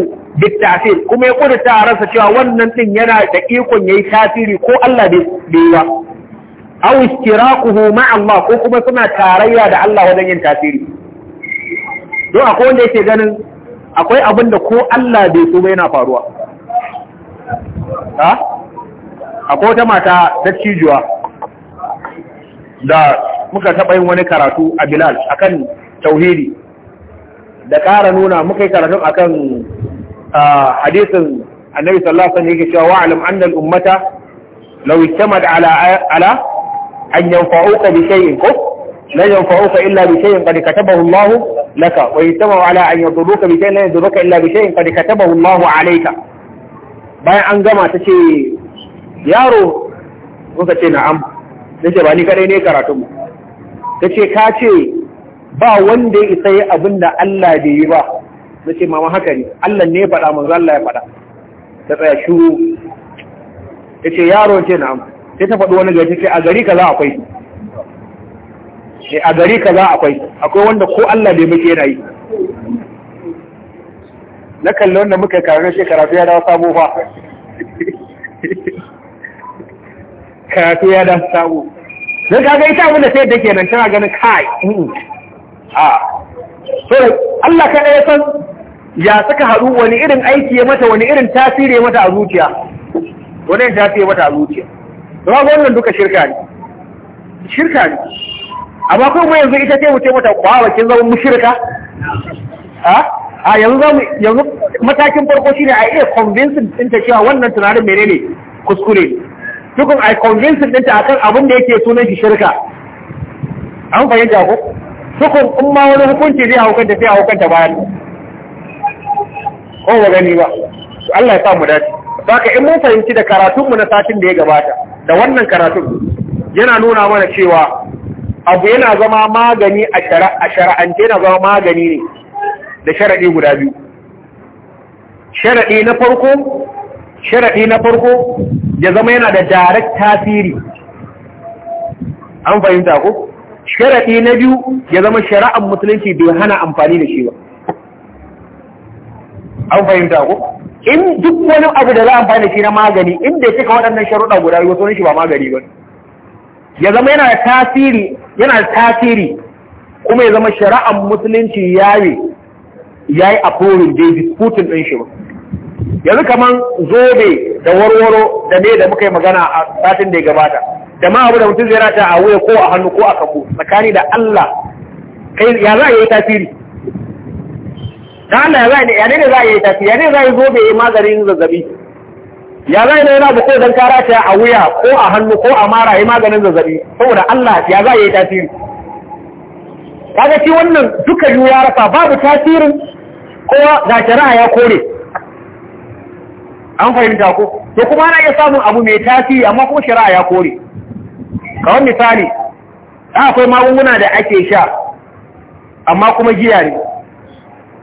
ta'sir kuma ya kudurta a rasa cewa wannan din yana da ikon yayi tasiri ko Allah bai yi ba aw istiraquhu ma Allah ko kuma suna tarayya da Allah wajen yin tasiri to akwai wanda yake ganin akwai abin da ko Allah bai so ba yana faruwa ha akwai wata mata ta cijuwa da muka taɓa yin wani karatu a bilal akan tauhidi da ƙara nuna muka yi karatun akan hadisin annabi sallallahu alaihi wasallam yake cewa wa'lam an dal ummata lauyi ittamad ala ala an yanfa'uka bi shay'in ko la yanfa'uka illa bi shay'in ka taba Hullahu laka wa yattamu ala an yi bi shay'in la yaduruka illa bi shay'in qad katabahu Allah alaika bayan an gama ta ce yaro muka ce na'am da ce ba ni kadai ne karatun ta ce ka ce ba wanda ya isa yi abin da Allah da yi ba da ce mama haka ne Allah ne ya faɗa mun Allah ya faɗa ta tsaya shuru ta ce yaro ce na'am sai ta faɗi wani gari ta ce a gari kaza akwai ne eh, a gari kaza akwai akwai wanda ko Allah bai muke yana yi na kalli wanda muka karar shekara ya dawo sabo fa karatu ya dawo sabo zai kaga ita abin da sai da ke nan tana ganin kai a so Allah kaɗai ya san ya suka haɗu wani irin aiki ya mata wani irin tasiri ya mata a zuciya wani irin tasiri ya mata a zuciya don haka wannan duka shirka ne shirka ne amma kai mu yanzu ita ce mu ce mata kwawa kin zama mushirka a a yanzu yanzu matakin farko shine a iya convincing dinta cewa wannan tunanin menene kuskure tukun a convincing a akan abin da yake sunan shi shirka an fahimta ko tukun in ma wani hukunci zai haukanta sai haukanta bayan ko ba gani ba Allah ya sa mu dace saka in mun fahimci da karatunmu na satin da ya gabata da wannan karatun yana nuna mana cewa abu yana zama magani a shara'ance yana zama magani ne da sharaɗi guda biyu sharaɗi na farko sharaɗi na farko ya zama yana da direct tasiri an fahimta ko sharaɗi na biyu ya zama shari'ar musulunci bai hana amfani da shi ba an fahimta ko in duk wani abu da za a amfani da shi na magani inda ya cika waɗannan sharuɗa guda biyu wani shi ba magani ba ya zama yana da tasiri yana da tasiri kuma ya zama shari'ar musulunci yayi ya yi approving bai disputin ɗin shi ba yanzu kamar zobe da warwaro da me da muka yi magana a satin da ya gabata da ma abu da mutum zai rata a wuya ko a hannu ko a kafu tsakani da Allah kai ya za a yi tasiri da Allah ya za a ne za a yi tasiri ya ne za a yi zobe ya maganin zazzabi ya za a yi yana da kai don kara a wuya ko a hannu ko a mara ya yi maganin zazzabi saboda Allah ya za a yi tasiri kaga shi wannan duka yi ya rafa babu tasirin kowa ga shari'a ya kore an fahimta ko to kuma ana iya samun abu mai tasiri amma kuma shari'a ya kore kawai misali akwai magunguna da ake sha amma kuma giya ne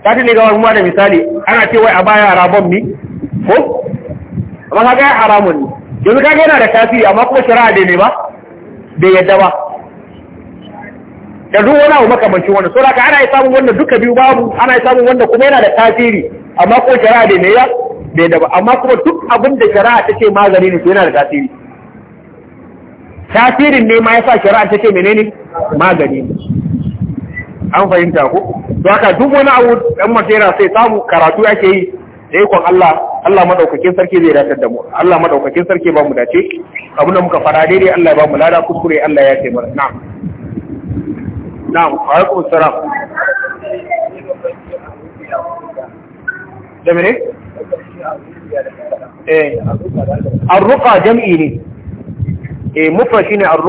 ta ne ga wani da misali ana ce wai a baya rabon mi ko amma kaga ya haramun ne yanzu ka yana da tasiri amma kuma shari'a da ne ba bai yadda ba da duk wani abu makamancin so saboda ana yi samun wanda duka biyu babu ana yi samun wanda kuma yana da tasiri amma ko shari'a bai mai bai da ba amma kuma duk abin da shari'a ta ce magani ne yana da tasiri tasirin ne ma yasa shari'a ta ce menene magani ne an fahimta ko to haka duk wani abu dan masera sai samu karatu ake yi da ikon Allah Allah madaukakin sarki zai dace da mu Allah madaukakin sarki ba mu dace abin da muka fara daidai Allah ya ba mu lada kuskure Allah ya ce mana na'am na'am wa alaikum assalam da mene eh, jam'i ne eh mufa shine an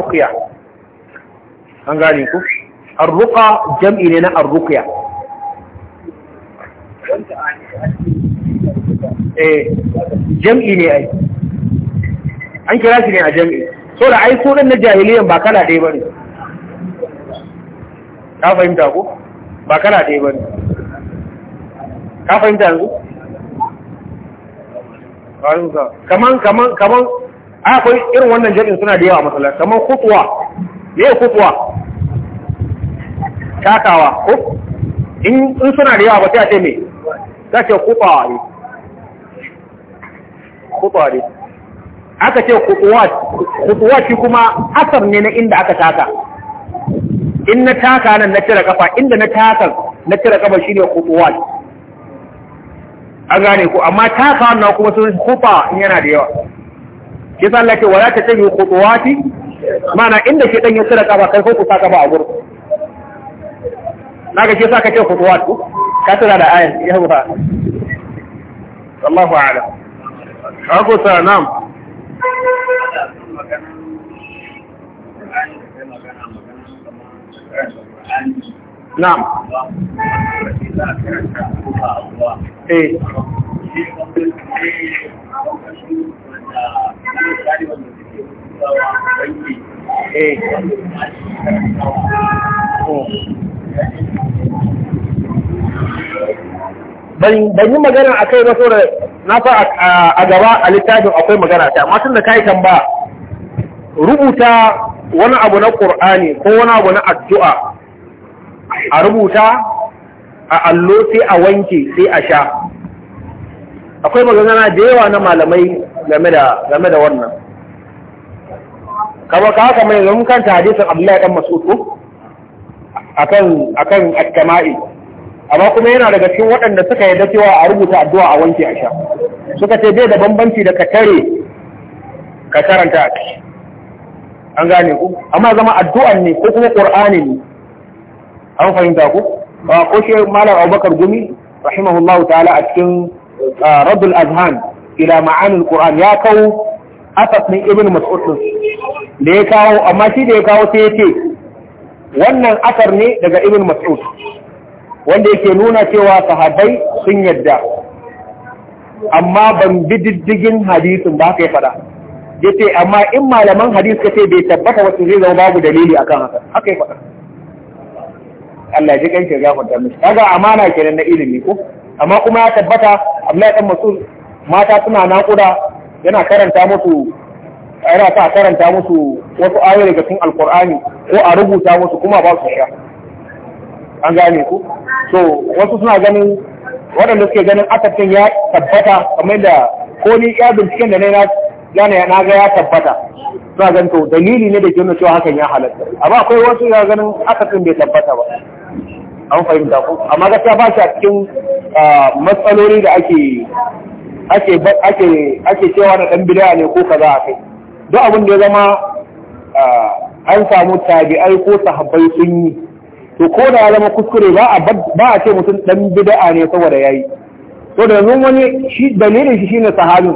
gane ku arruqa jam'i ne na arruqya eh jam'i ne ai an kira shi ne a jam'i so da ai so na jahiliyan ba kala ɗaya ne. ka fahimta ko ba kana ɗaya ba ne ka fahimta yanzu kaman kaman kaman akwai irin wannan jami'in suna da yawa matsala kaman kutuwa me kutuwa takawa ko in suna da yawa ba sai a ce me za ce kutuwa ne kutuwa ne aka ce kutuwa kutuwa shi kuma asar ne na inda aka taka in na taka nan na cire kafa inda na taka na cire kafa shine khutuwat an gane ku amma taka wannan kuma sun kufa in yana da yawa shi sa Allah ce wala ta tabi khutuwati mana inda shi dan ya cire kafa kai ko ku saka ba a Na naga shi sa ka ce khutuwat ku ka tsira da ayan yawa Allahu a'lam Hakusa nam Eh. Eh. ban yi magana a kai ba na fa a gaba a littafin akwai magana ta masu da kai ba. rubuta wani abu na ƙor'ani ko wani abu na addu'a a rubuta a allo sai a wanke sai a sha akwai magana da yawa na malamai game da wannan kama ka haka mai zan kanta hadisin abdullahi dan masudu A kan attama'i amma kuma yana daga cikin waɗanda suka yarda cewa a rubuta addu'a a wanke a sha suka ce bai da bambanci da ka tare ka karanta an gane ku amma zama addu'an ne ko kuma qur'ani ne an fahimta ku ah, ko shi malam abubakar gumi rahimahullahu ta'ala a cikin ah, raddul azhan ila ma'anin qur'an ya kawo asas ne ibn mas'ud da ya kawo amma shi da ya kawo sai ya wannan asar ne daga ibn mas'ud wanda yake nuna cewa sahabbai sun yadda amma ban bi diddigin hadisin ba kai fada faɗa amma in malaman hadis kace ce bai tabbata wasu zai zama babu dalili akan haka haka ya faɗa Allah ji kanki gafarta mishi kaga amana kenan na ilimi ko amma kuma ya tabbata Abdullahi dan Mas'ud mata suna nakuda yana karanta musu yana sa karanta musu wasu ayoyi daga cikin Alqur'ani ko a rubuta musu kuma ba su sha an gane ku so wasu suna ganin waɗanda suke ganin asabtin ya tabbata kamar da ko ni ya binciken da na yana na ga ya tabbata za gan to dalili ne da ke nuna cewa hakan ya halatta amma akwai wasu ya ganin akasin bai tabbata ba an fahimta ku amma gaskiya ba shi a cikin matsaloli da ake ake ake ake cewa na dan bid'a ne ko kaza a kai duk abin da ya zama an samu tabi'ai ko sahabbai sun yi to ko da ya zama kuskure ba a ce mutum dan bid'a ne saboda yayi to da yanzu wani shi dalilin shi shine sahabin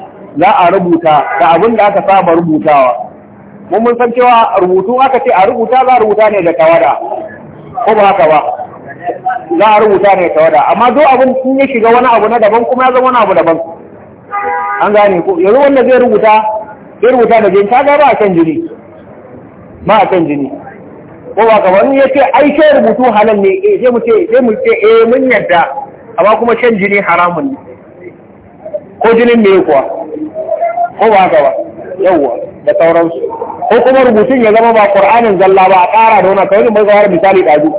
za a rubuta da abin da aka saba rubutawa mun mun san cewa rubutu aka ce a rubuta za a rubuta ne da tawada ko ba haka ba za a rubuta ne da tawada amma zo abin sun ya shiga wani abu na daban kuma ya zama wani abu daban an gane ku. yanzu wanda zai rubuta zai rubuta da jini kaga ba a kan jini ba a kan jini ko ba kamar ya ce ai shan rubutu halal ne eh sai mu ce sai mu ce eh mun yadda amma kuma shan jini haramun ne ko jinin ne kuwa ko ba gaba yawwa da sauransu ko kuma rubutun ya zama ba qur'anin zalla ba a ƙara da wani kawai mai gawar misali ɗazu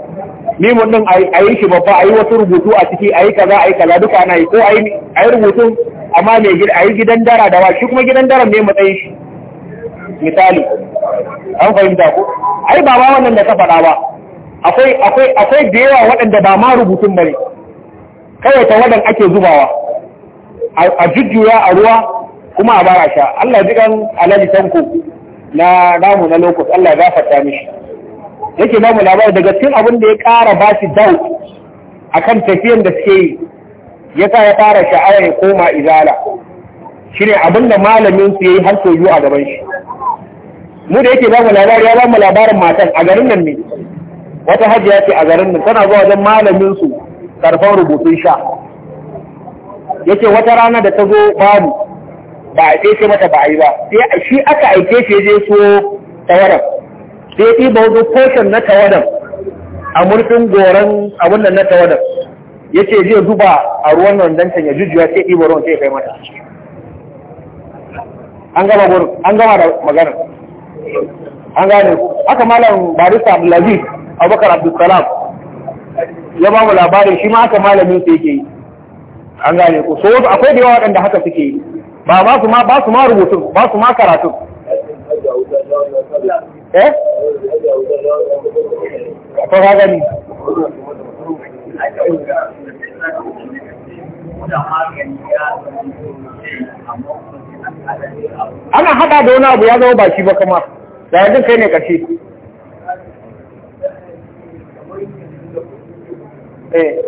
mimun ɗin a yi shi babba a yi wasu rubutu a ciki a yi kaza a yi kaza duka ana yi ko a yi rubutun amma mai a yi gidan dara da wa shi kuma gidan dara ne matsayin shi misali an fahimta ko ai ba ma wannan da ka faɗa ba akwai akwai akwai da yawa waɗanda ba ma rubutun bane kawai ta waɗanda ake zubawa a jujjuya a ruwa kuma a bara sha Allah jikan alhaji tanko na namu na lokos Allah ya gafarta mishi yake namu labarin. daga cikin abin da ya ƙara ba shi dau akan tafiyan da suke yi ya sa ya fara sha'awar ya koma izala shi ne abin da malamin su ya yi har sau biyu a gaban shi mu da yake bamu mu labari ya ba mu labarin matan a garin nan ne wata hajiya ce a garin nan tana zuwa wajen malamin su karfan rubutun sha yake wata rana da ta zo babu ba a ce mata ba a yi ba sai shi aka aike shi je so tawaran sai ya ɗiba wajen koshin na tawaran a murfin goron abin nan na tawaran ya ce zai zuba a ruwan wandan can ya jujjuwa sai ɗiba ruwan sai ya kai mata an gama gurin an gama da maganar an gane Aka malam barista abdulaziz abubakar abdulsalam ya ba mu labarin shi ma aka malamin sai yake yi an gane ku so akwai da yawa waɗanda haka suke yi ba ba su ma ba su ma rubutun ba su ma karatun eh to ga gani ana hada da wani abu ya zama ba kama da yanzu kai ne eh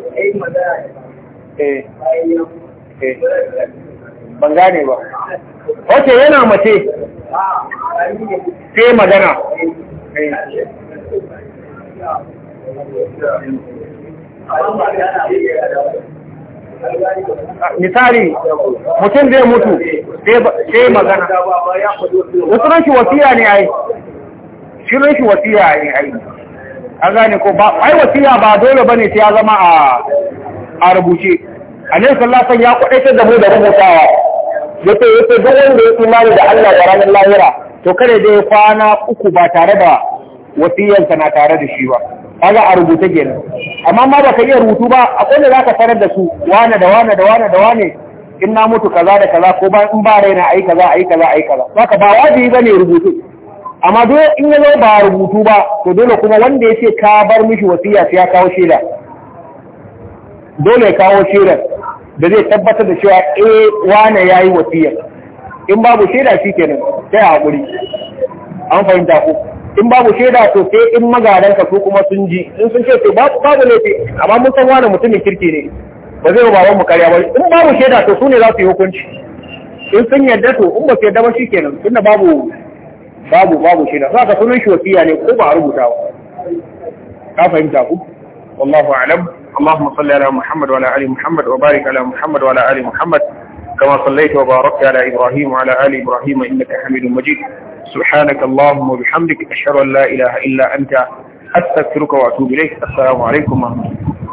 eh eh eh ban gane ba ok yana mace sai magana misali mutum zai mutu sai magana wasu shi wasiya ne ai shirin shi wasiya ne ai an gane ko ba ai wasiya ba dole ne sai ya zama a rubuce a nan sallafan ya kwaɗaitar da mu da rubutawa yace ce, duk wanda ya imani da Allah da ranar lahira to kada dai kwana uku ba tare da wasiyyarsa na tare da shi ba kaga a rubuta kenan amma ma ba ka iya rubutu ba akwai da zaka sanar da su wane da wane da wane da wane in na mutu kaza da kaza ko ba in ba raina ai kaza ai kaza ai kaza zaka ba wajibi bane rubutu amma dole in ya zo ba rubutu ba to dole kuma wanda ya ce ka bar mishi wasiyya sai ya kawo shaida dole ya kawo shaidar da zai tabbatar da cewa eh wane ya yi wasiya in babu shaida shi shikenan sai hakuri an fahimta ku in babu shaida to sai in magadanka su kuma sun ji in sun ce to babu babu laifi amma mun san wane mutumin kirki ne ba zai ba mu karya ba in babu shaida to su ne za su yi hukunci in sun yarda to in ba su yarda ba nan tunda babu babu babu shaida za ka sunan shi wasiya ne ko ba a rubuta ba ka fahimta ku wallahu a'lam اللهم صل على محمد وعلى آل محمد وبارك على محمد وعلى آل محمد كما صليت وباركت على إبراهيم وعلى آل إبراهيم إنك حميد مجيد سبحانك اللهم وبحمدك أشهد أن لا إله إلا أنت أستغفرك وأتوب إليك السلام عليكم ورحمة الله